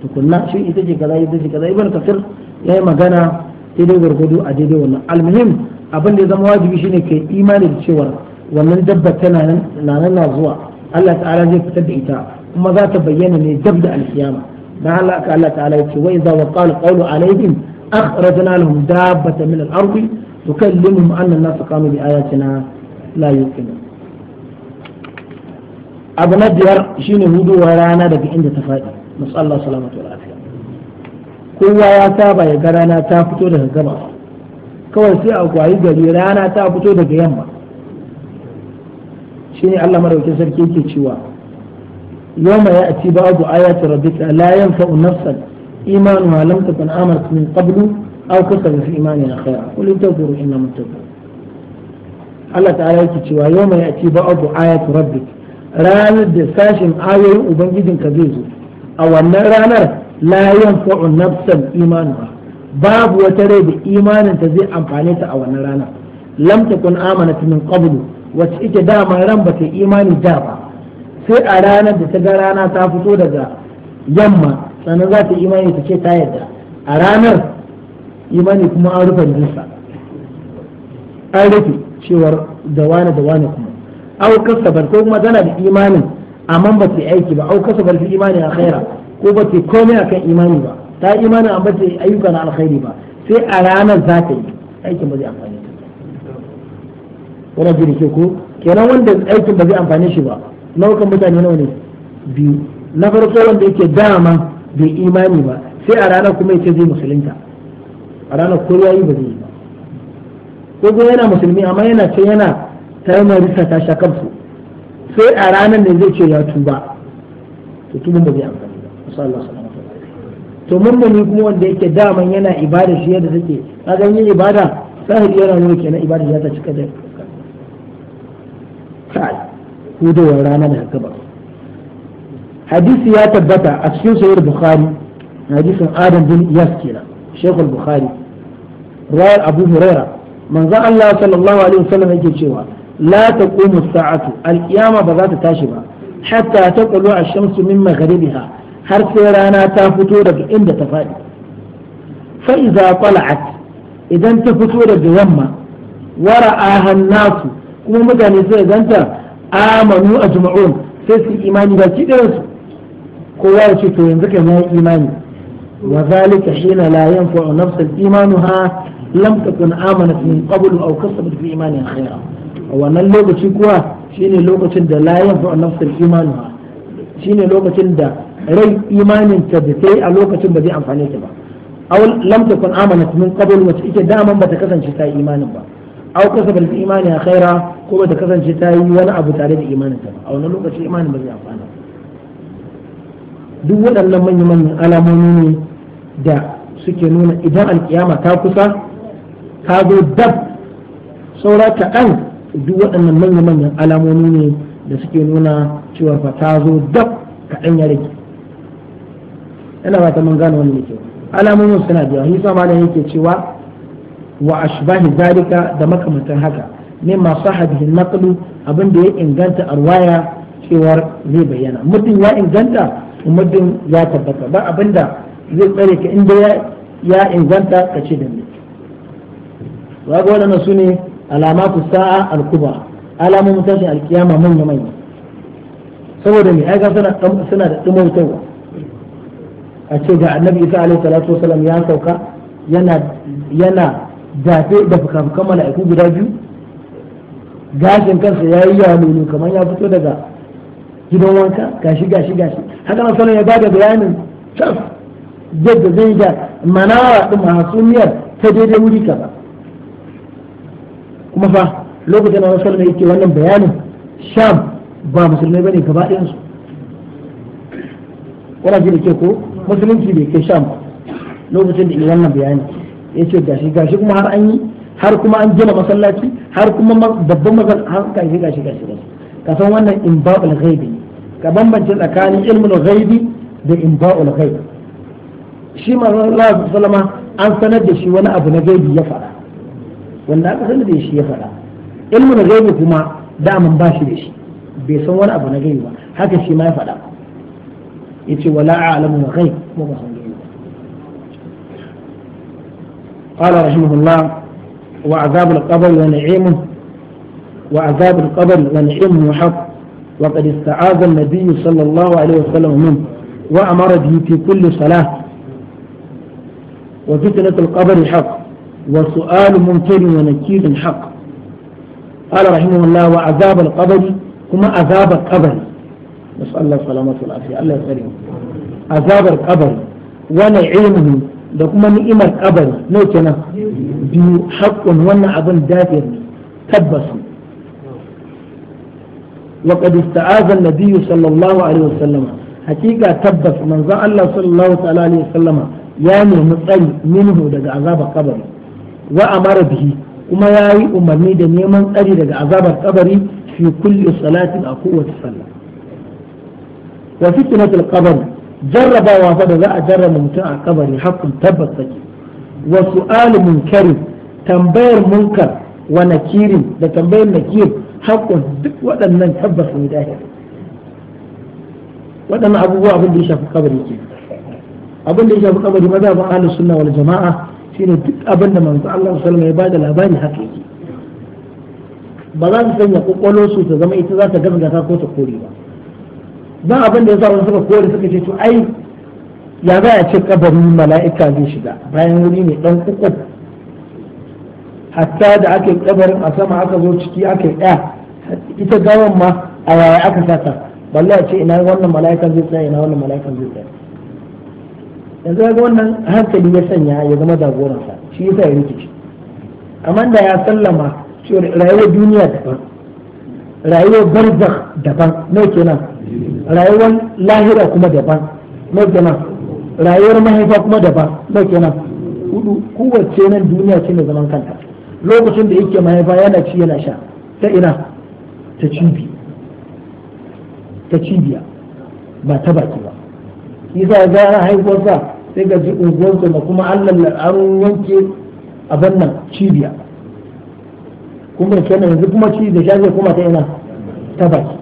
tukunna shin ita ce kaza ita ce kaza ibn kasir yayi magana daidai gwargwado a daidai wannan almuhim abin da ya zama wajibi shine kai imani da cewa wannan dabba tana nan na zuwa Allah ta'ala zai fitar da ita kuma za ta bayyana ne dab da alkiyama dan Allah ka Allah ta'ala yace wa idza waqala qawlu alaihim akhrajna lahum dabbatan min al-ardi tukallimuhum anna an-nasa qamu bi ayatina la yuqinun abu na biyar shine huduwar rana daga inda ta faɗi masu Allah salamatu wa lafiya kowa ya saba ya ga rana ta fito daga gaba. kawai sai a kwayi gari rana ta fito daga yamma Shi ne Allah madaukakin sarki yake cewa Ya ba abu ba'du rabbi ta layan yanfa'u nafsan imanuha lam takun amanat min qablu aw kasabat fi imanina khayra qul intazuru inna muntazirun Allah ta'ala yake cewa yawma ya'ti Abu ayati rabbika ranar da sashin ayoyin ubangijin ka zai zo a wannan ranar la yanfa'u nafsan imanu babu wata rai da imanin ta zai amfane ta a wannan rana lam takun amanat min qablu wacce ita dama ran bata ta imani da ba sai a ranar da ta ga rana ta fito daga yamma sannan za ta imani ta ce ta yadda a ranar imani kuma an rufe jinsa an rufe cewar da wane da wane kuma au kasabar ko kuma tana da imanin amma ba ta aiki ba au kasabar fi imani a khaira ko ba ta komai akan imani ba ta imani amma ta ayyuka na alkhairi ba sai a ranar za ta yi aikin ba zai amfani ba wannan jirgin ko kenan wanda aikin ba zai amfani shi ba nau'ukan mutane nawa ne biyu na farko wanda yake dama bai imani ba sai a ranar kuma yake zai musulunta a ranar ko yayi ba zai yi ba ko yana musulmi amma yana ce yana ta yi marisa ta sha kansu sai a ranar da zai ce ya tuba to tuban ba zai amfani ba masu Allah salama to mummuni kuma wanda yake daman yana ibada shi yadda take ka ga yin ibada sahibi yana nuna kenan ibada ya ta cika da ku da rana da haka ba hadisi ya tabbata a cikin sahih bukhari hadisin adam bin iyas kenan shaykhul bukhari rawi abu hurairah manzo Allah sallallahu alaihi wasallam yake cewa lata taqumu sa'atu alqiyama ba za ta tashi ba hatta ta taqulu a shansu min maghribiha har sai rana ta fito daga inda ta faɗi fa idza qala'at idan ta fito daga yamma wara'aha nasu kuma mutane sai ganta amanu ajma'un sai su imani baki ɗayansu kowa ya ce to yanzu kai ma imani وذلك حين لا ينفع نفس إيمانها لم تكن آمنت من قبل أو كسبت في إيمانها خيرا a wannan lokaci kuwa shine lokacin da la yanfa nafsul imanu shine lokacin da rai imanin ta da a lokacin ba zai amfane ta ba aw lam takun amanat min qabl wacce ita daman bata kasance ta imanin ba aw kasabat imani khaira ko bata kasance ta yi wani abu tare da imanin ta ba a wannan lokaci imanin ba zai amfana duk waɗannan manyan manyan alamomi ne da suke nuna idan alkiyama ta kusa ta zo dab saura kaɗan duk waɗannan manya-manyan alamomi ne da suke nuna cewa fa ta zo dab kaɗan ya rage ina ba ta mun gane ne kyau alamomin suna da yawa sa malam yake cewa wa ashbahi zalika da makamantan haka ne masu hadihin naqlu abin da ya inganta arwaya cewa zai bayyana muddin ya inganta muddin ya tabbata ba abinda zai tsare ka inda ya inganta ka ce da ni ga waɗannan su ne alamatu sa'a al-kubra al-kiyama alkiyama manya mai saboda mai aika suna da wa a ce ga annabi isa alaihi salatu wasallam ya sauka yana yana dafe da fukafukan mala'iku guda biyu gashin kansa ya yi yalolo kamar ya fito daga gidan wanka gashi gashi gashi haka nan ya bada bayanin tas yadda zai da manawa ɗin masumiyar ta daidai wuri kaza kuma fa lokacin da Annabi sallallahu alaihi wasallam wannan bayanin Sham ba musulmai bane gaba ɗayan su wala ji da ke ko musulunci bai kai Sham lokacin da wannan bayani ce gashi gashi kuma har an yi har kuma an gina masallaci har kuma babban masallaci har gashi gashi gashi ka san wannan imba'ul ghaibi ka bambance tsakanin ilmul ghaibi da imba'ul ghaibi shi manzon Allah sallama an sanar da shi wani abu na gaibi ya fara. wanda aka sani da shi ya faɗa ilmin gaibi kuma daman ba shi da shi bai san wani abu na gaibi ba haka shi ma ya faɗa ya ce wala a'lamu kai kuma ba san gaibi قال رحمه الله وعذاب القبر ونعيمه وعذاب القبر ونعيمه حق وقد استعاذ النبي صلى الله عليه وسلم منه وأمر به في كل صلاة وفتنة القبر حق وسؤال منكر ونكير حق قال رحمه الله وعذاب القبر كما عذاب القبر نسأل الله سلامة والعافية الله يسلمك عذاب القبر ونعيمه da kuma ni'imar kabari nau kenan biyu haƙƙun wannan abin dafiyar ne tabbas wa qad ista'aza an-nabiy sallallahu alaihi wasallam hakika tabbas manzon Allah sallallahu ta'ala alaihi wasallam ya nemi tsari minhu daga azabar kabari wa amara bihi kuma ya yi umarni da neman tsari daga azabar kabari fi kulli salatin a kowace sallah wa fitnatul qabr jarrabawa fa da za a jarraba mutum a kabari hakkun tabbas take wa su'al munkari tambayar munkar wa nakirin da tambayar nakir hakkun duk waɗannan tabbas ne dahi waɗannan abubuwa abin da ya shafi kabari ke abin da ya shafi kabari maza ba ahlus sunna wal jama'a shine duk abin da manzo Allah sallallahu ya bada labari haka yake ba za su sanya kokwalo su ta zama ita za ta gaskata ko ta kore ba ba abin da yasa wani suka kore suka ce to ai ya za a ce kabarin mala'ika zai shiga bayan wuri ne dan kuku hatta da ake kabarin a sama aka zo ciki aka yi ɗaya ita gawan ma a yaya aka sata balle a ce ina wannan mala'ikan zai tsaya ina wannan mala'ikan zai tsaya yanzu ga wannan hankali ya sanya ya zama jagoransa shi yasa ya rikici amma da ya sallama cewa rayuwar duniya daban rayuwar barzakh daban mai kenan rayuwar lahira kuma daban mai kenan rayuwar mahaifa kuma daban mai kenan hudu kowace nan duniya ce mai zaman kanta lokacin da yake mahaifa yana ci yana sha ta ina ta ta cibiya ba ta baki ba shi gara ga haihuwarsa sai ga ji unguwarsa da kuma Allah an yanke abin nan cibiya kuma kenan yanzu kuma ci da shaje kuma ta ina ta baki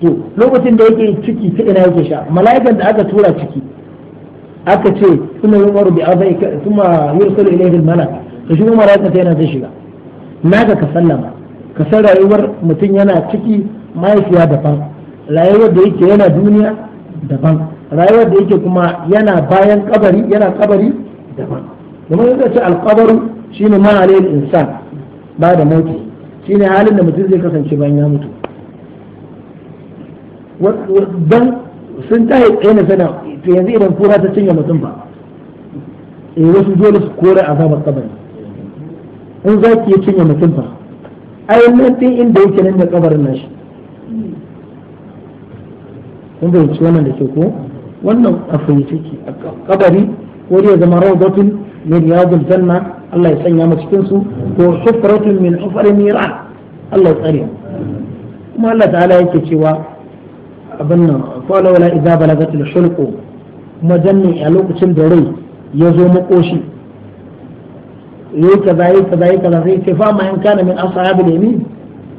to lokacin da yake ciki ta ina yake sha mala'ikan da aka tura ciki aka ce kuma yi waru bi azai kuma yursalu ilayhi al mana ka shi mala'ikan ta yana zai shiga ga ka sallama ka san rayuwar mutum yana ciki mahaifiya daban rayuwar da yake yana duniya daban rayuwar da yake kuma yana bayan kabari yana kabari daban domin yadda ce alkabaru shi ma alayhi insan ba da mauti ne halin da mutum zai kasance bayan ya mutu don sun ta yi tsaye na sana to yanzu idan kura ta cinye mutum ba e wasu dole su kore azabar kabari in ki yi cinye mutum ba ayyukan nan inda yake nan da kabarin nashi kun bayyanci wannan da ke ko wannan a fahimci a kabari ko ya zama rawdatul min riyadul janna Allah ya sanya mu cikin su ko sufratun min ufar miran Allah ya tsare kuma Allah ta'ala yake cewa abin nan qala wala idza balagatil hulqu kuma danne a lokacin da rai ya zo makoshi yayi kaza yi kaza yayi kaza sai ce fa ma in kana min ashabil yamin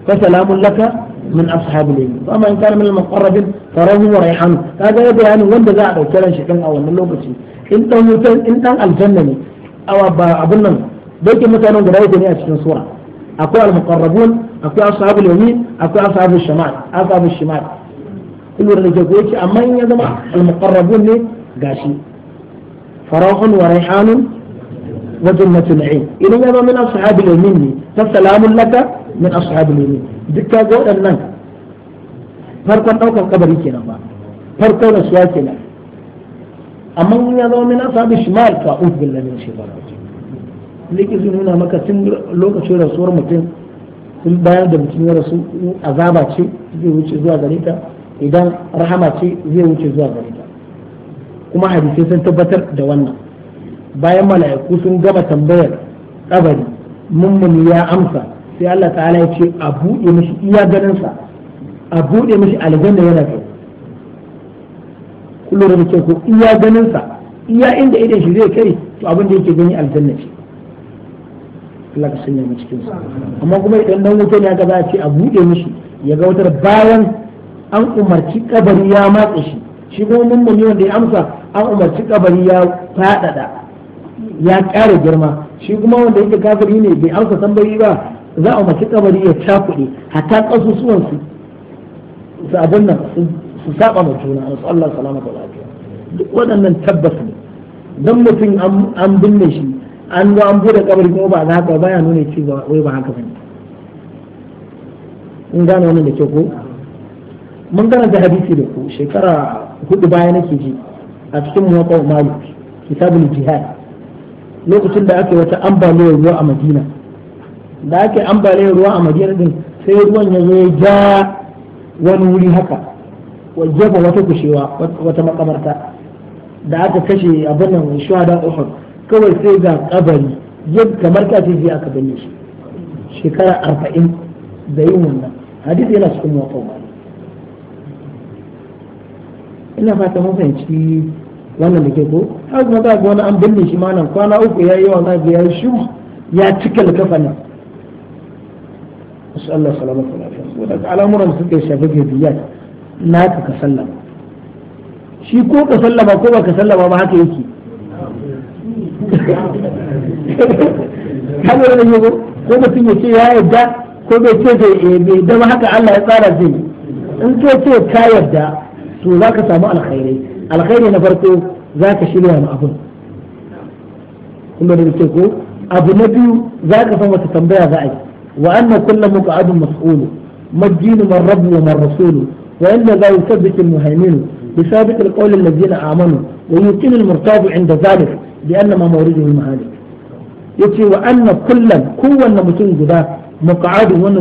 fa salamun laka من أصحاب اليمين فأما إن كان من المقربين فروه وريحان هذا يبقى يعني وين ذا أو كلا شيء أو من لوكسي إن تنوتن إن تن الجنة أو أبنن بيت مثلا قراية دنيا أشكن صورة أكو المقربون أكو أصحاب اليمين أكو أصحاب الشمال أصحاب الشمال كل ورد يقول أما إن يجمع المقربون لي قاشي فروح وريحان وجنة نعيم إذا يبقى من أصحاب اليمين فسلام لك min ashabul yamin duk kaga waɗannan farkon ɗaukar kabari kenan ba farkon rasuwa kenan amma in ya zama min ashabul shimal fa uz billahi min shaitanir rajim liki su nuna maka tun lokacin rasuwar mutum tun bayan da mutum ya rasu azaba ce zai wuce zuwa gare idan rahama ce zai wuce zuwa gare ta kuma hadisai sun tabbatar da wannan bayan malayaku sun gama tambayar ƙabari mummuni ya amsa sai Allah ta'ala ya ce a buɗe mishi iya ganinsa a buɗe mishi aljanna yana kai kullu da ke ko iya ganinsa iya inda idan shi zai kai to abin da yake gani aljanna ce Allah ka sanya mu cikin sa amma kuma idan dan wuce ne aka za a ce a buɗe mishi ya ga wutar bayan an umarci kabari ya matsa shi shi kuma mummuni wanda ya amsa an umarci kabari ya fadada ya ƙara girma shi kuma wanda yake kafiri ne bai amsa tambayi ba za a umarci kabari ya cakuɗe hatta ƙasusuwan su su abin nan su saba ma juna a Allah salama da lafiya duk waɗannan tabbas ne don mutum an binne shi an zo an bude kabari kuma ba za ka baya nuna ci ba wai ba haka bane in gane wannan da ke ko mun karanta hadisi da ku shekara hudu baya nake ji a cikin muwaqqa'u malik kitabul jihad lokacin da ake wata ambaliyar ruwa a madina da ake ambaliyar ruwa a madina din sai ruwan ya zo ya ja wani wuri haka wajefa wata kushewa wata makabarta da aka kashe abin nan da uhud kawai sai ga kabari yadda kamar ta ce aka bane shi shekara arba'in da yin wannan hadisi yana cikin mawaƙa ina fata mun fahimci wannan da ke ko har kuma za ga wani an binne shi ma nan kwana uku ya yi wa za ya yi ya cika kafanin. su Allah salamatu lafiya ka al'amuran sun kai shafi gajiya na ka ka sallama shi ko ka sallama ko ba ka sallama ba haka yake kamar da yago ko mutum ya ce ya yarda ko bai ce eh, bai yarda ba haka Allah ya tsara zai in ka ce ka yarda to za ka samu alkhairai alkhairi na farko za ka shirya ma abun kuma da ko abu na biyu za ka san wata tambaya za a yi وأن كل مقعد مسؤول ما الدين من رب ومن رسول وإن ذا يثبت المهيمن بثابت القول الذين آمنوا ويمكن المرتاب عند ذلك لأن ما مورده المهالك يتي وأن كل كون متون جدا مقعد وأن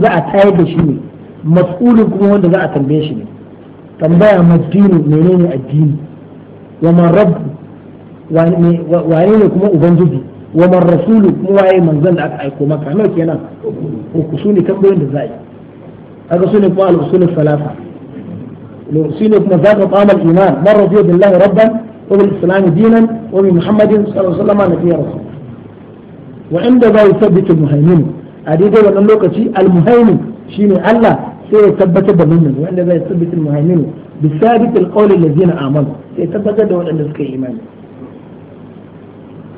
ذا أتايد شيء مسؤول كما وأن ذا أتنبيه شيء تنبيه ما الدين منين الدين وما رب وأنين كما أبنجدي wa man rasulu kuma waye manzon da aka aiko maka nawa kenan su ne tambayoyin da za yi kaga ne kuma al-usul salasa ne kuma zaka qamal iman man radiya billahi rabban wa bil islam dinan wa bi muhammadin sallallahu alaihi wasallam nabiyyan rasul wa inda za yuthabbitu al-muhaymin a daidai wannan lokaci al-muhaymin shine Allah sai ya tabbatar da mumin wanda zai tabbatar muhaymin bi sabit al-qawl allazina amanu sai tabbatar da waɗanda suka yi imani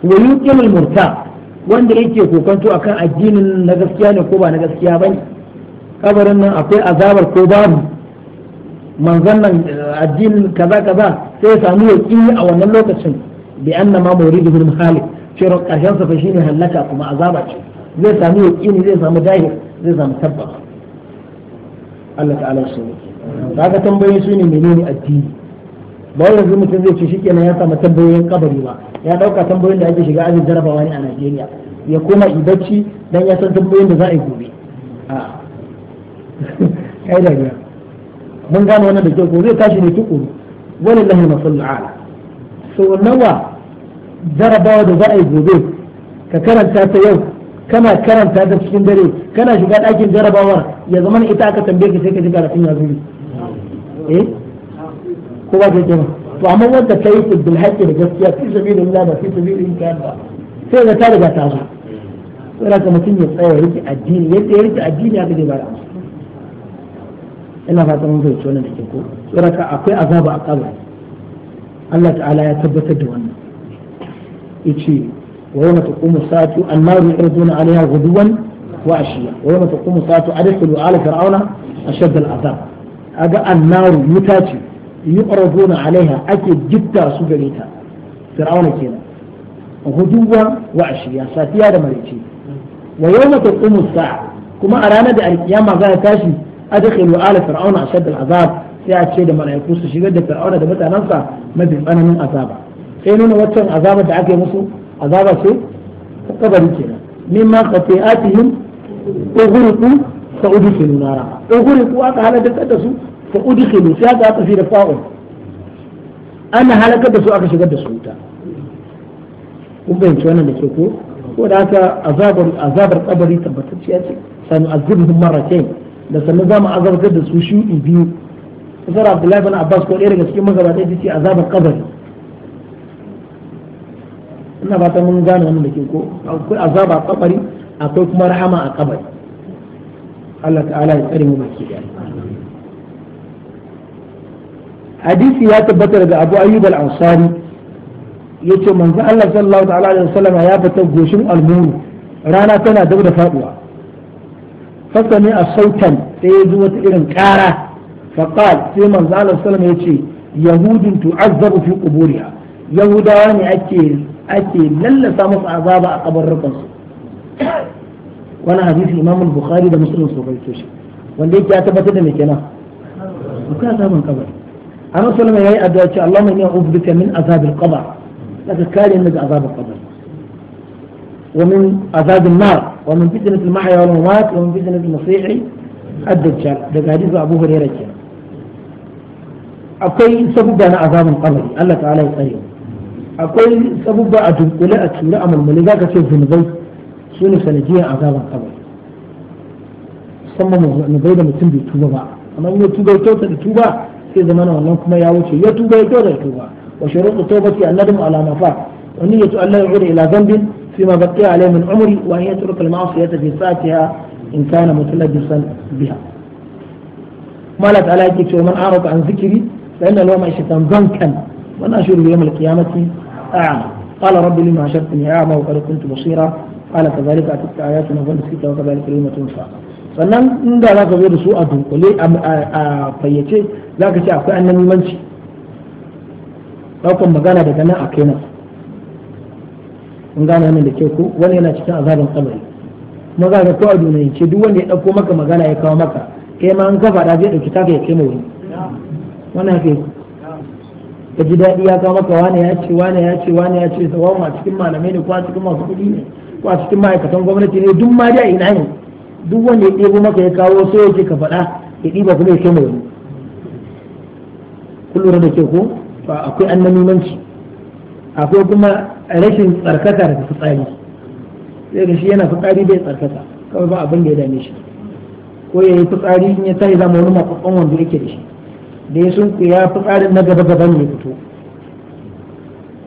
wa yuqimul murta wanda yake kokanto akan addinin na gaskiya ne ko ba na gaskiya bane kabarin nan akwai azabar ko babu manzan nan eh, addinin kaza kaza sai ya samu yaqini a wannan lokacin bi anna ma muriduhu al-khaliq cewa karshen sa fa ne halaka kuma azaba ce zai samu ne, zai samu dahir zai samu tabbata Allah ta'ala shi ne kaga tambayoyi su ne menene addini ba yanzu mutum zai ce shi kenan ya samu tambayoyin kabari ba ya dauka tambayoyin da ake shiga ajin jarabawa ne a Najeriya ya koma ibacci dan ya san tambayoyin da za a yi gobe a kai da mun gano wannan da ke ko zai tashi ne tukuru walillahi masallu ala so nawa jarabawa da za a yi gobe ka karanta ta yau kana karanta ta cikin dare kana shiga ɗakin jarabawar ya zama ita aka tambaye ka sai ka ji karatun ya قوات الجنة وعمل ودى كيف بالحج بجسيا في سبيل الله ما في سبيل إن كان بقى في هذا تارجة تارجة ولكن ما تنجي الطاوة يرجع الدين يرجع يرجع الدين يا بني بارا إلا فاتم في سونا نحكيكو ولكن أقوى أذاب أقوى الله تعالى يتبت الدوان إيشي ويوم تقوم الساعة النار يعرضون عليها غدوا وعشيا ويوم تقوم الساعة أدخلوا آل فرعون أشد العذاب هذا النار يتاجي yu'raduna alaiha ake jibta su gare ta fir'auna kenan huduwa wa ashiya safiya da marici wa yawma taqumu sa'a kuma a ranar da alkiyama za ta tashi adkhilu ala fir'auna ashad al'azab sai a ce da malaiku su shigar da fir'auna da mutanansa mafi tsananin azaba sai nuna waccan azaba da aka yi musu azaba ce ta kabari kenan mimma qati'atihim ughriqu sa'udu fil nara ughriqu aka halaka da su fa udkhilu sai aka tafi da fa'un ana halaka da su aka shigar da su wuta kun bayyana wannan da ke ko ko da haka azabar azabar kabari tabbatar ce sanu azibuhum marratayn da sanu za mu azabtar da su shudi biyu kasar abdullahi bin abbas ko ɗaya daga cikin magabata ya ce azabar kabari ina fata mun gane wannan da ke ko akwai azaba kabari akwai kuma rahama a kabari Allah ta'ala ya tsare mu baki daya hadisi ya tabbatar da abu ayyub al-ansari yace manzo Allah sallallahu ta'ala alaihi wasallam ya fita goshin almuru rana tana dab da faduwa fasami a sautan sai ya zo wata irin kara faqal sai manzo Allah sallallahu alaihi yace yahudun tu'azzabu fi quburiha yahudawa ne ake ake lallasa musu azaba a kabarrukan su wani hadisi imam al bukhari da muslim su rawaito shi wanda yake ya tabbatar da me kenan akwai azaban kabari annabi sallallahu alaihi wasallam yayi addu'a ce Allahumma inni a'udhu min azabin qabr laka kare ni daga azabil qabr wa min azabin nar wa min fitnatil mahya wal mamat wa min fitnatil masih ad-dajjal daga hadisin Abu Hurairah ke akwai sabubba na azabin qabr Allah ta'ala ya tsare akwai sabubba a dunkule a tura a mulmuli zaka ce zunubai sune sanadiyar azabin qabr musamman zunubai da mutum bai tuba ba amma in ya tuba ya kyauta da tuba sai zama wannan kuma ya wuce ya tuba ya kyau da tuba wa shurutu tawbati annadamu ala ma fa ya niyyatu an la yu'ida ila dhanbin ma baqiya alayhi min umri wa an yatruka al ma'siyata fi sa'atiha in kana mutalabbisan biha mala ta'ala yake cewa man araka an zikri fa inna lawma shaitan zankan wa nashuru yawm al qiyamati a'a qala rabbi lima ashartani a'ma wa qad kuntu basira قال كذلك أتت آياتنا فنسيتها وكذلك اليوم تنسى sannan inda za ka zo da su a dunkule a fayyace za ka ce akwai limanci ɗaukan magana daga nan a kai nan kun gane wannan da ke ko wani yana cikin azabin kabari kuma za ka ko a ce duk wanda ya ɗauko maka magana ya kawo maka kai ma an kafa zai ɗauki taka ya kai wani wani haka yake ka ji daɗi ya kawo maka wani ya ce wani ya ce wani ya ce sawa a cikin malamai ne ko a cikin masu kuɗi ne ko a cikin ma'aikatan gwamnati ne duk ma dai a ina ne duk wanda ya ɗebo maka ya kawo sai yake ka faɗa ya ɗiba kuma ya kai mai wani kun lura da ke ko akwai annamimanci akwai kuma rashin tsarkaka daga fitsari sai ga shi yana fitsari bai tsarkaka kawai ba abin da ya dame shi ko ya yi fitsari in ya tashi zama wani makwakwan wanda yake da shi da ya sun ya fitsarin na gaba gaban ya fito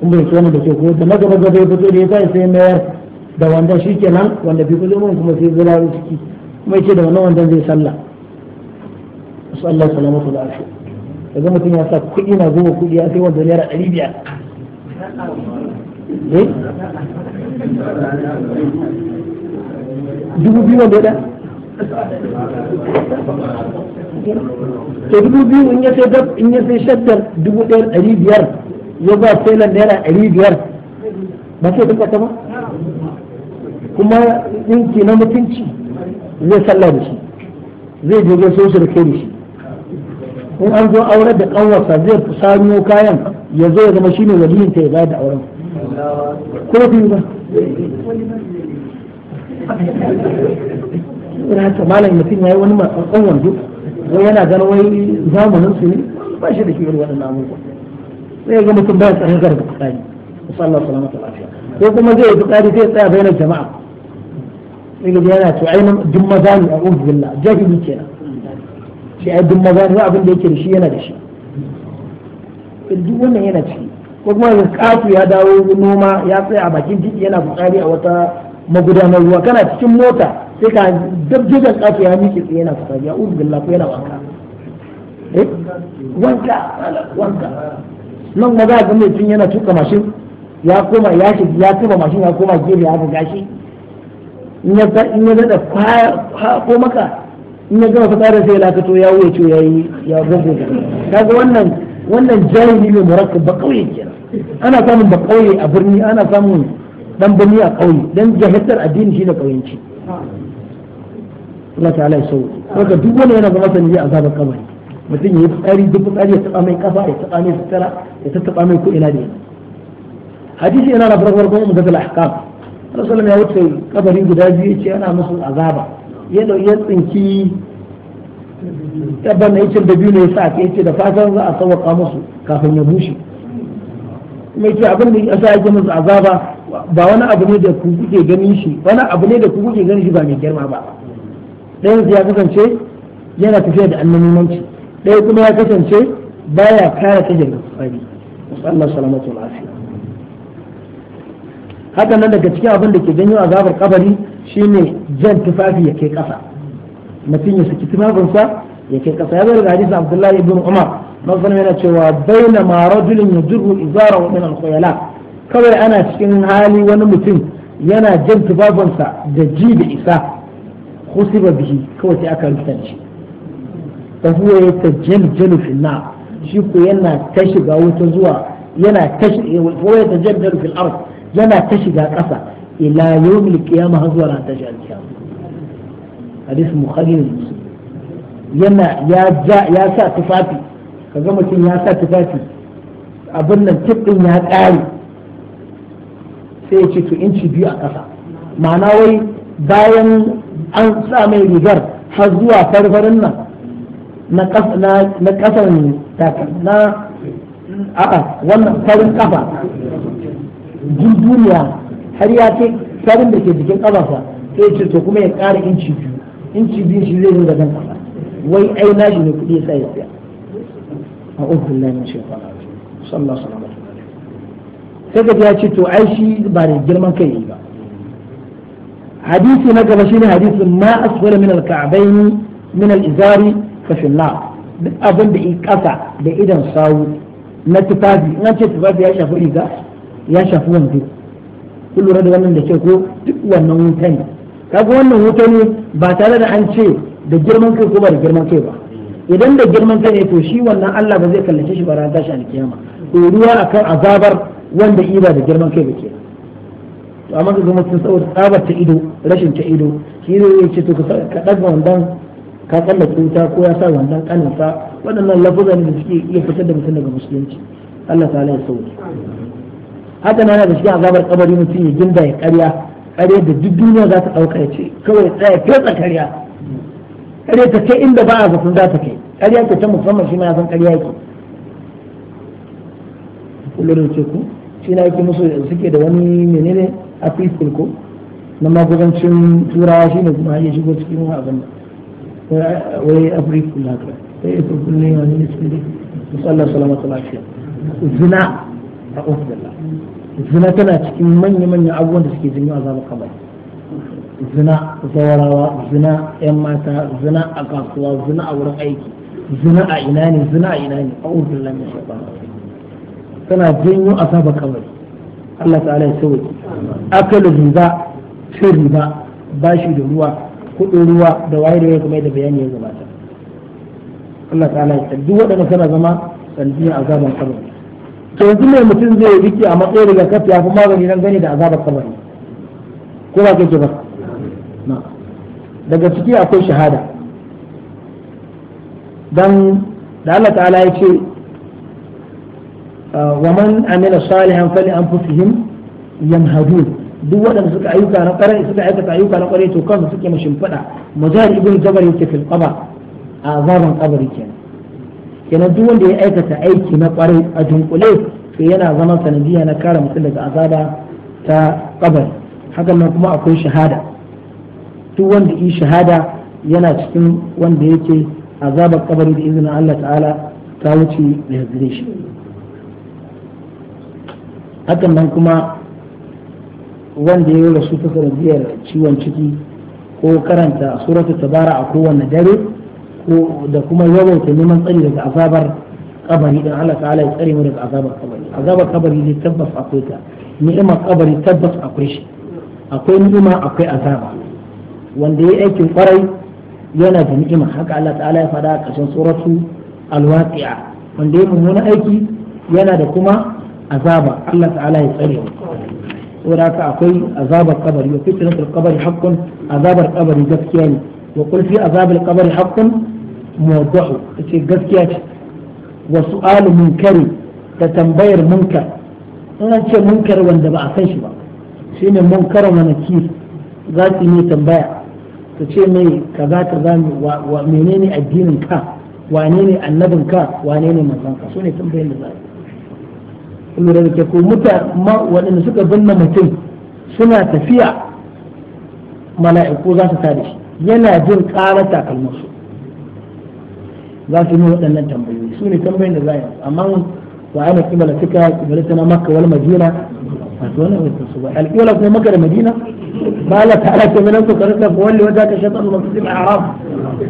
ya bai wani da ke ko da na gaba gaba ya fito da ya tashi sai mayar da wanda shi ke nan, wanda bi mun kuma sai zira ciki kuma yace da wannan wanda zai sallah sallallahu salamatu da ashi yanzu mutum ya sa kuɗi na goma kuɗi ya sai wanda naira ɗari biyar eh? dubu biyu wanda ya to dubu biyu in ya sai in ya sai shaddar dubu ɗaya ɗari biyar ya ba sai naira ɗari biyar ba sai duka ta ba kuma ɗinki na mutunci zai salla da shi zai je gaso shi da kai da shi in an zo aure da ƙanwarsa zai samu kayan ya zo ya zama shine waliyin ta ya bayar da auren ko fi ba ina haka malam mutum ya yi wani matsatsan wando wai yana ganin wai zamanin su ne ba shi da kiwon waɗannan abubuwa sai ga mutum ba ya tsarin da tsari musallar salamata lafiya ko kuma zai yi tsari zai tsaya bayanar jama'a daga yana to ai duk maza ne a uzu billah jahili kenan shi ai duk maza ne abin da yake da shi yana da shi duk wannan yana ciki ko kuma yanzu ya dawo noma ya tsaya a bakin titi yana bukari a wata magudanar ruwa kana cikin mota sai ka dabjigan kafu ya miƙe tsaye yana bukari ya ko yana wanka eh? wanka wanka nan maza ga mai tun yana tuka mashin ya koma ya shiga ya tuba mashin ya koma gefe ya ga gashi in ya daɗa ko maka in ya gama fitsarin sai lakato ya wuce ya yi ya gogo kaga wannan wannan jahili mai murakkab ba kauye kenan ana samun ba kauye a birni ana samun dan birni a kauye dan jahiltar addini shine kauyenci Allah ta'ala ya sau haka duk wanda yana zama sanin a azabar kabari mutum ya yi fitsari duk fitsari ya taba mai kafa ya taba mai fitara ya taba mai ko ina da yana hadisi yana na mu farkon umdatul ahkam rasulun ya wuce kabarin guda biyu ce yana musu azaba ya ya tsinki tabbar na yacin da biyu ne ya sa ke ce da fatan za a sauwaka musu kafin ya bushe mai ce abin da ya sa yake musu azaba ba wani abu ne da ku kuke ganin shi wani abu ne da ku kuke ganin shi ba mai girma ba ɗayan ya kasance yana tafiya da annabimanci ɗaya kuma ya kasance baya kare ta jirgin fari Allah salamatu lafiya haka nan daga cikin abin da ke janyo azabar kabari shine jan tufafi ya kai kasa mutum ya saki tufafinsa ya kai kasa ya zo daga hadisin abdullahi ibn umar masanin yana cewa baina ma rajulin yajru izara min al-khuyala kawai ana cikin hali wani mutum yana jan tufafinsa da ji da isa khusiba bihi kawai sai aka rufe shi fa huwa yatajaljalu fil na shi ko yana ta shiga wuta zuwa yana ta shiga huwa yatajaljalu fil ard yana ta shiga ƙasa ila yawmil qiyama har zuwa ran tashi alkiyama hadisi yana ya ja ya sa tufafi kaga mutum ya sa tufafi abin nan tip ya ƙare sai ya ce to inci biyu a ƙasa ma'ana wai bayan an sa mai rigar har zuwa farfarin nan na ƙasan na a'a wannan farin kafa duniya har ya ce sabon da ke jikin kafarsa sai ce to kuma ya ƙara inci biyu inci biyu shi zai dinga zan kafa wai ai na shi ne kuɗi sa ya tsaya a ofin lamin shekara sallallahu alaihi wasallam sai ga ya ce to ai shi ba da girman kai yi ba hadisi na gaba shine hadisi ma asfala min alka'abai min alizari ka fa fi duk abin da kasa da idan sawu na tufafi in an ce tufafi ya shafi riga ya shafi wanzu kullum da wannan da ke ko duk wannan wuta ne kaga wannan wuta ba tare da an ce da girman kai ko ba da girman kai ba idan da girman kai ne to shi wannan Allah ba zai kallace shi ba ran tashi alkiyama to ruwa akan azabar wanda iba da girman kai ba ke to amma ga mutum saboda tsabar ta ido rashin ta ido shi ne ya ce to ka daga wannan ka kalla wuta ko ya sa wannan kanin sa waɗannan lafuzan da suke iya fitar da mutum daga musulunci Allah ta'ala ya sauke haka na da cikin azabar kabari mutum ya ginda ya karya karya da duk duniya za ta dauka ya ce kawai tsaya fesa karya karya ta kai inda ba a zaton za ta kai karya ta ta musamman shi ma ya san karya yake kullum ce ku shi na yake musu suke da wani menene a fiskul ko na magudancin turawa shi ne kuma ya shigo cikin abin wai a fiskul haka sai ya fi kullum wani ne su ne musallar salamatu lafiya zina a zina tana cikin manya-manya abubuwan da suke a zama kamar zina zawarawa zina yan mata zina a kasuwa zina a wurin aiki zina a ina ne zina a ina ne a ofisalla mai shaɓa tana a zama kamar Allah ta'ala ya sauke akalu riba cin riba bashi da ruwa kudin ruwa da waye da ya kuma da bayani ya gabata Allah ta'ala ya duk waɗanda tana zama a azaban kamar. to yanzu mai mutum zai rike a matsayin rigakafi ya fi magani don gani da azabar kabari ko ba kake ba daga ciki akwai shahada don da Allah ta'ala ya ce ah, wa man amila salihan fali anfusihim yamhadun duk waɗanda suka ayyuka na ƙarai suka aikata ayyuka na ƙarai to kansu suke mashin fada mazhar ibn jabal yake fil qabr azaban qabri kenan kenan duk wanda ya aikata aiki na kwarai a dunkule to yana zama sanadiyya na kare mutum daga azaba ta kabari hakan nan kuma akwai shahada duk wanda yi shahada yana cikin wanda yake azabar kabari da izinin Allah ta'ala ta wuce da yanzu shi hakan nan kuma wanda ya rasu ta sanadiyyar ciwon ciki ko karanta suratu tabara a kowane dare ko da kuma yawaita neman tsari daga azabar kabari dan Allah ta'ala ya tsare mu daga azabar kabari azabar kabari ne tabbas akwai ta ni'ima kabari tabbas akwai shi akwai ni'ima akwai azaba wanda yayi aikin kwarai yana da ni'ima haka Allah ta'ala ya faɗa a ƙarshen suratu al-waqi'a wanda yayi mummunan aiki yana da kuma azaba Allah ta'ala ya tsare mu saboda haka akwai azabar kabari wa fitnatul kabari haqqun azabar kabari gaskiya ne wa qul fi azabil kabari haqqun muwaddahu yace gaskiya ce wa su'alu munkari da tambayar munkar in ce munkar wanda ba a kai shi ba shine munkarin wani kif za su yi tambaya ta ce mai kaza kaza wa menene addinin ka wane ne annabin ka ne tambayin da za su lura da waɗanda suka binne mutum suna tafiya mala'iku za su tare shi yana jin ƙarar takalmansu za su yi waɗannan tambayoyi su ne tambayin da za a yi amma wa ana kibala suka kibala tana makka wal madina a to wannan alƙiwala kuma da madina ba la ta'ala ta minan su karanta ko walli wata ka shatan masjid al-haram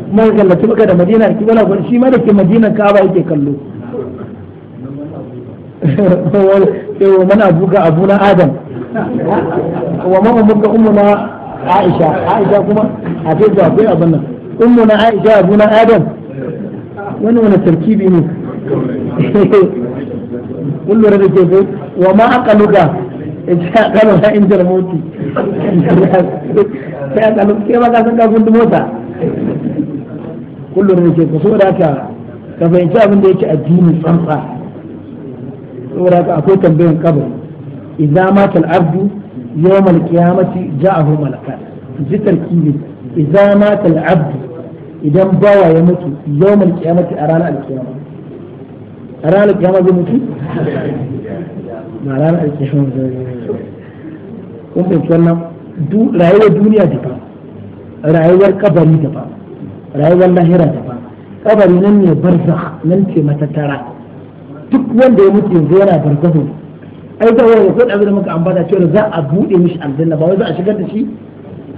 kuma ga la da madina alƙiwala ko shi ma da ke madina ka ba yake kallo wa man abuka abuna adam wa ma aisha aisha kuma a ce abin nan aisha adam wani wani tarkibi ne kun lura da ke ko wa ma aka luga a kano ta injar moti sai aka luga ke ba ka san kafin da mota kun lura da ke ko saboda haka ka fahimci abin da yake addini tsantsa saboda haka akwai tambayan kabar idza mata al-abdu yawm al-qiyamati ja'ahu malakan ji tarkibi idza mata al-abdu idan bawa ya mutu yawmal qiyamati a ranar alkiyama a ranar alkiyama zai mutu na ranar alkiyama zai kuma fahimci wannan rayuwar duniya da ba rayuwar kabari da ba rayuwar lahira da ba kabari nan ne barzakh nan ce matattara duk wanda ya mutu yanzu yana barzahu ai da wani ko abin da muka ambata cewa za a buɗe mishi aljanna ba wai za a shigar da shi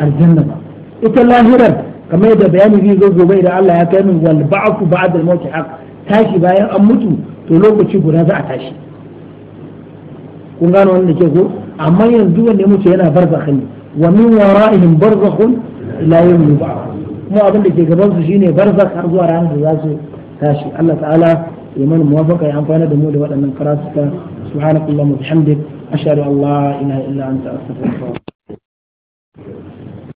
aljanna ba ita lahirar kamar yadda bayani zai zo gobe idan Allah ya kai min wal ba'ku ba'da al mauti haq tashi bayan an mutu to lokaci guda za a tashi kun gano wannan ke ko amma yanzu wanda mutu yana barzakhin wa min wara'ihim barzakhun la yumnu ba kuma abin da ke gaban su shine barzakh har zuwa ranar da za su tashi Allah ta'ala ya mana muwafaka ya amfana da mu da waɗannan karatuka subhanakallahumma bihamdik ashhadu an la ilaha illa anta astaghfiruka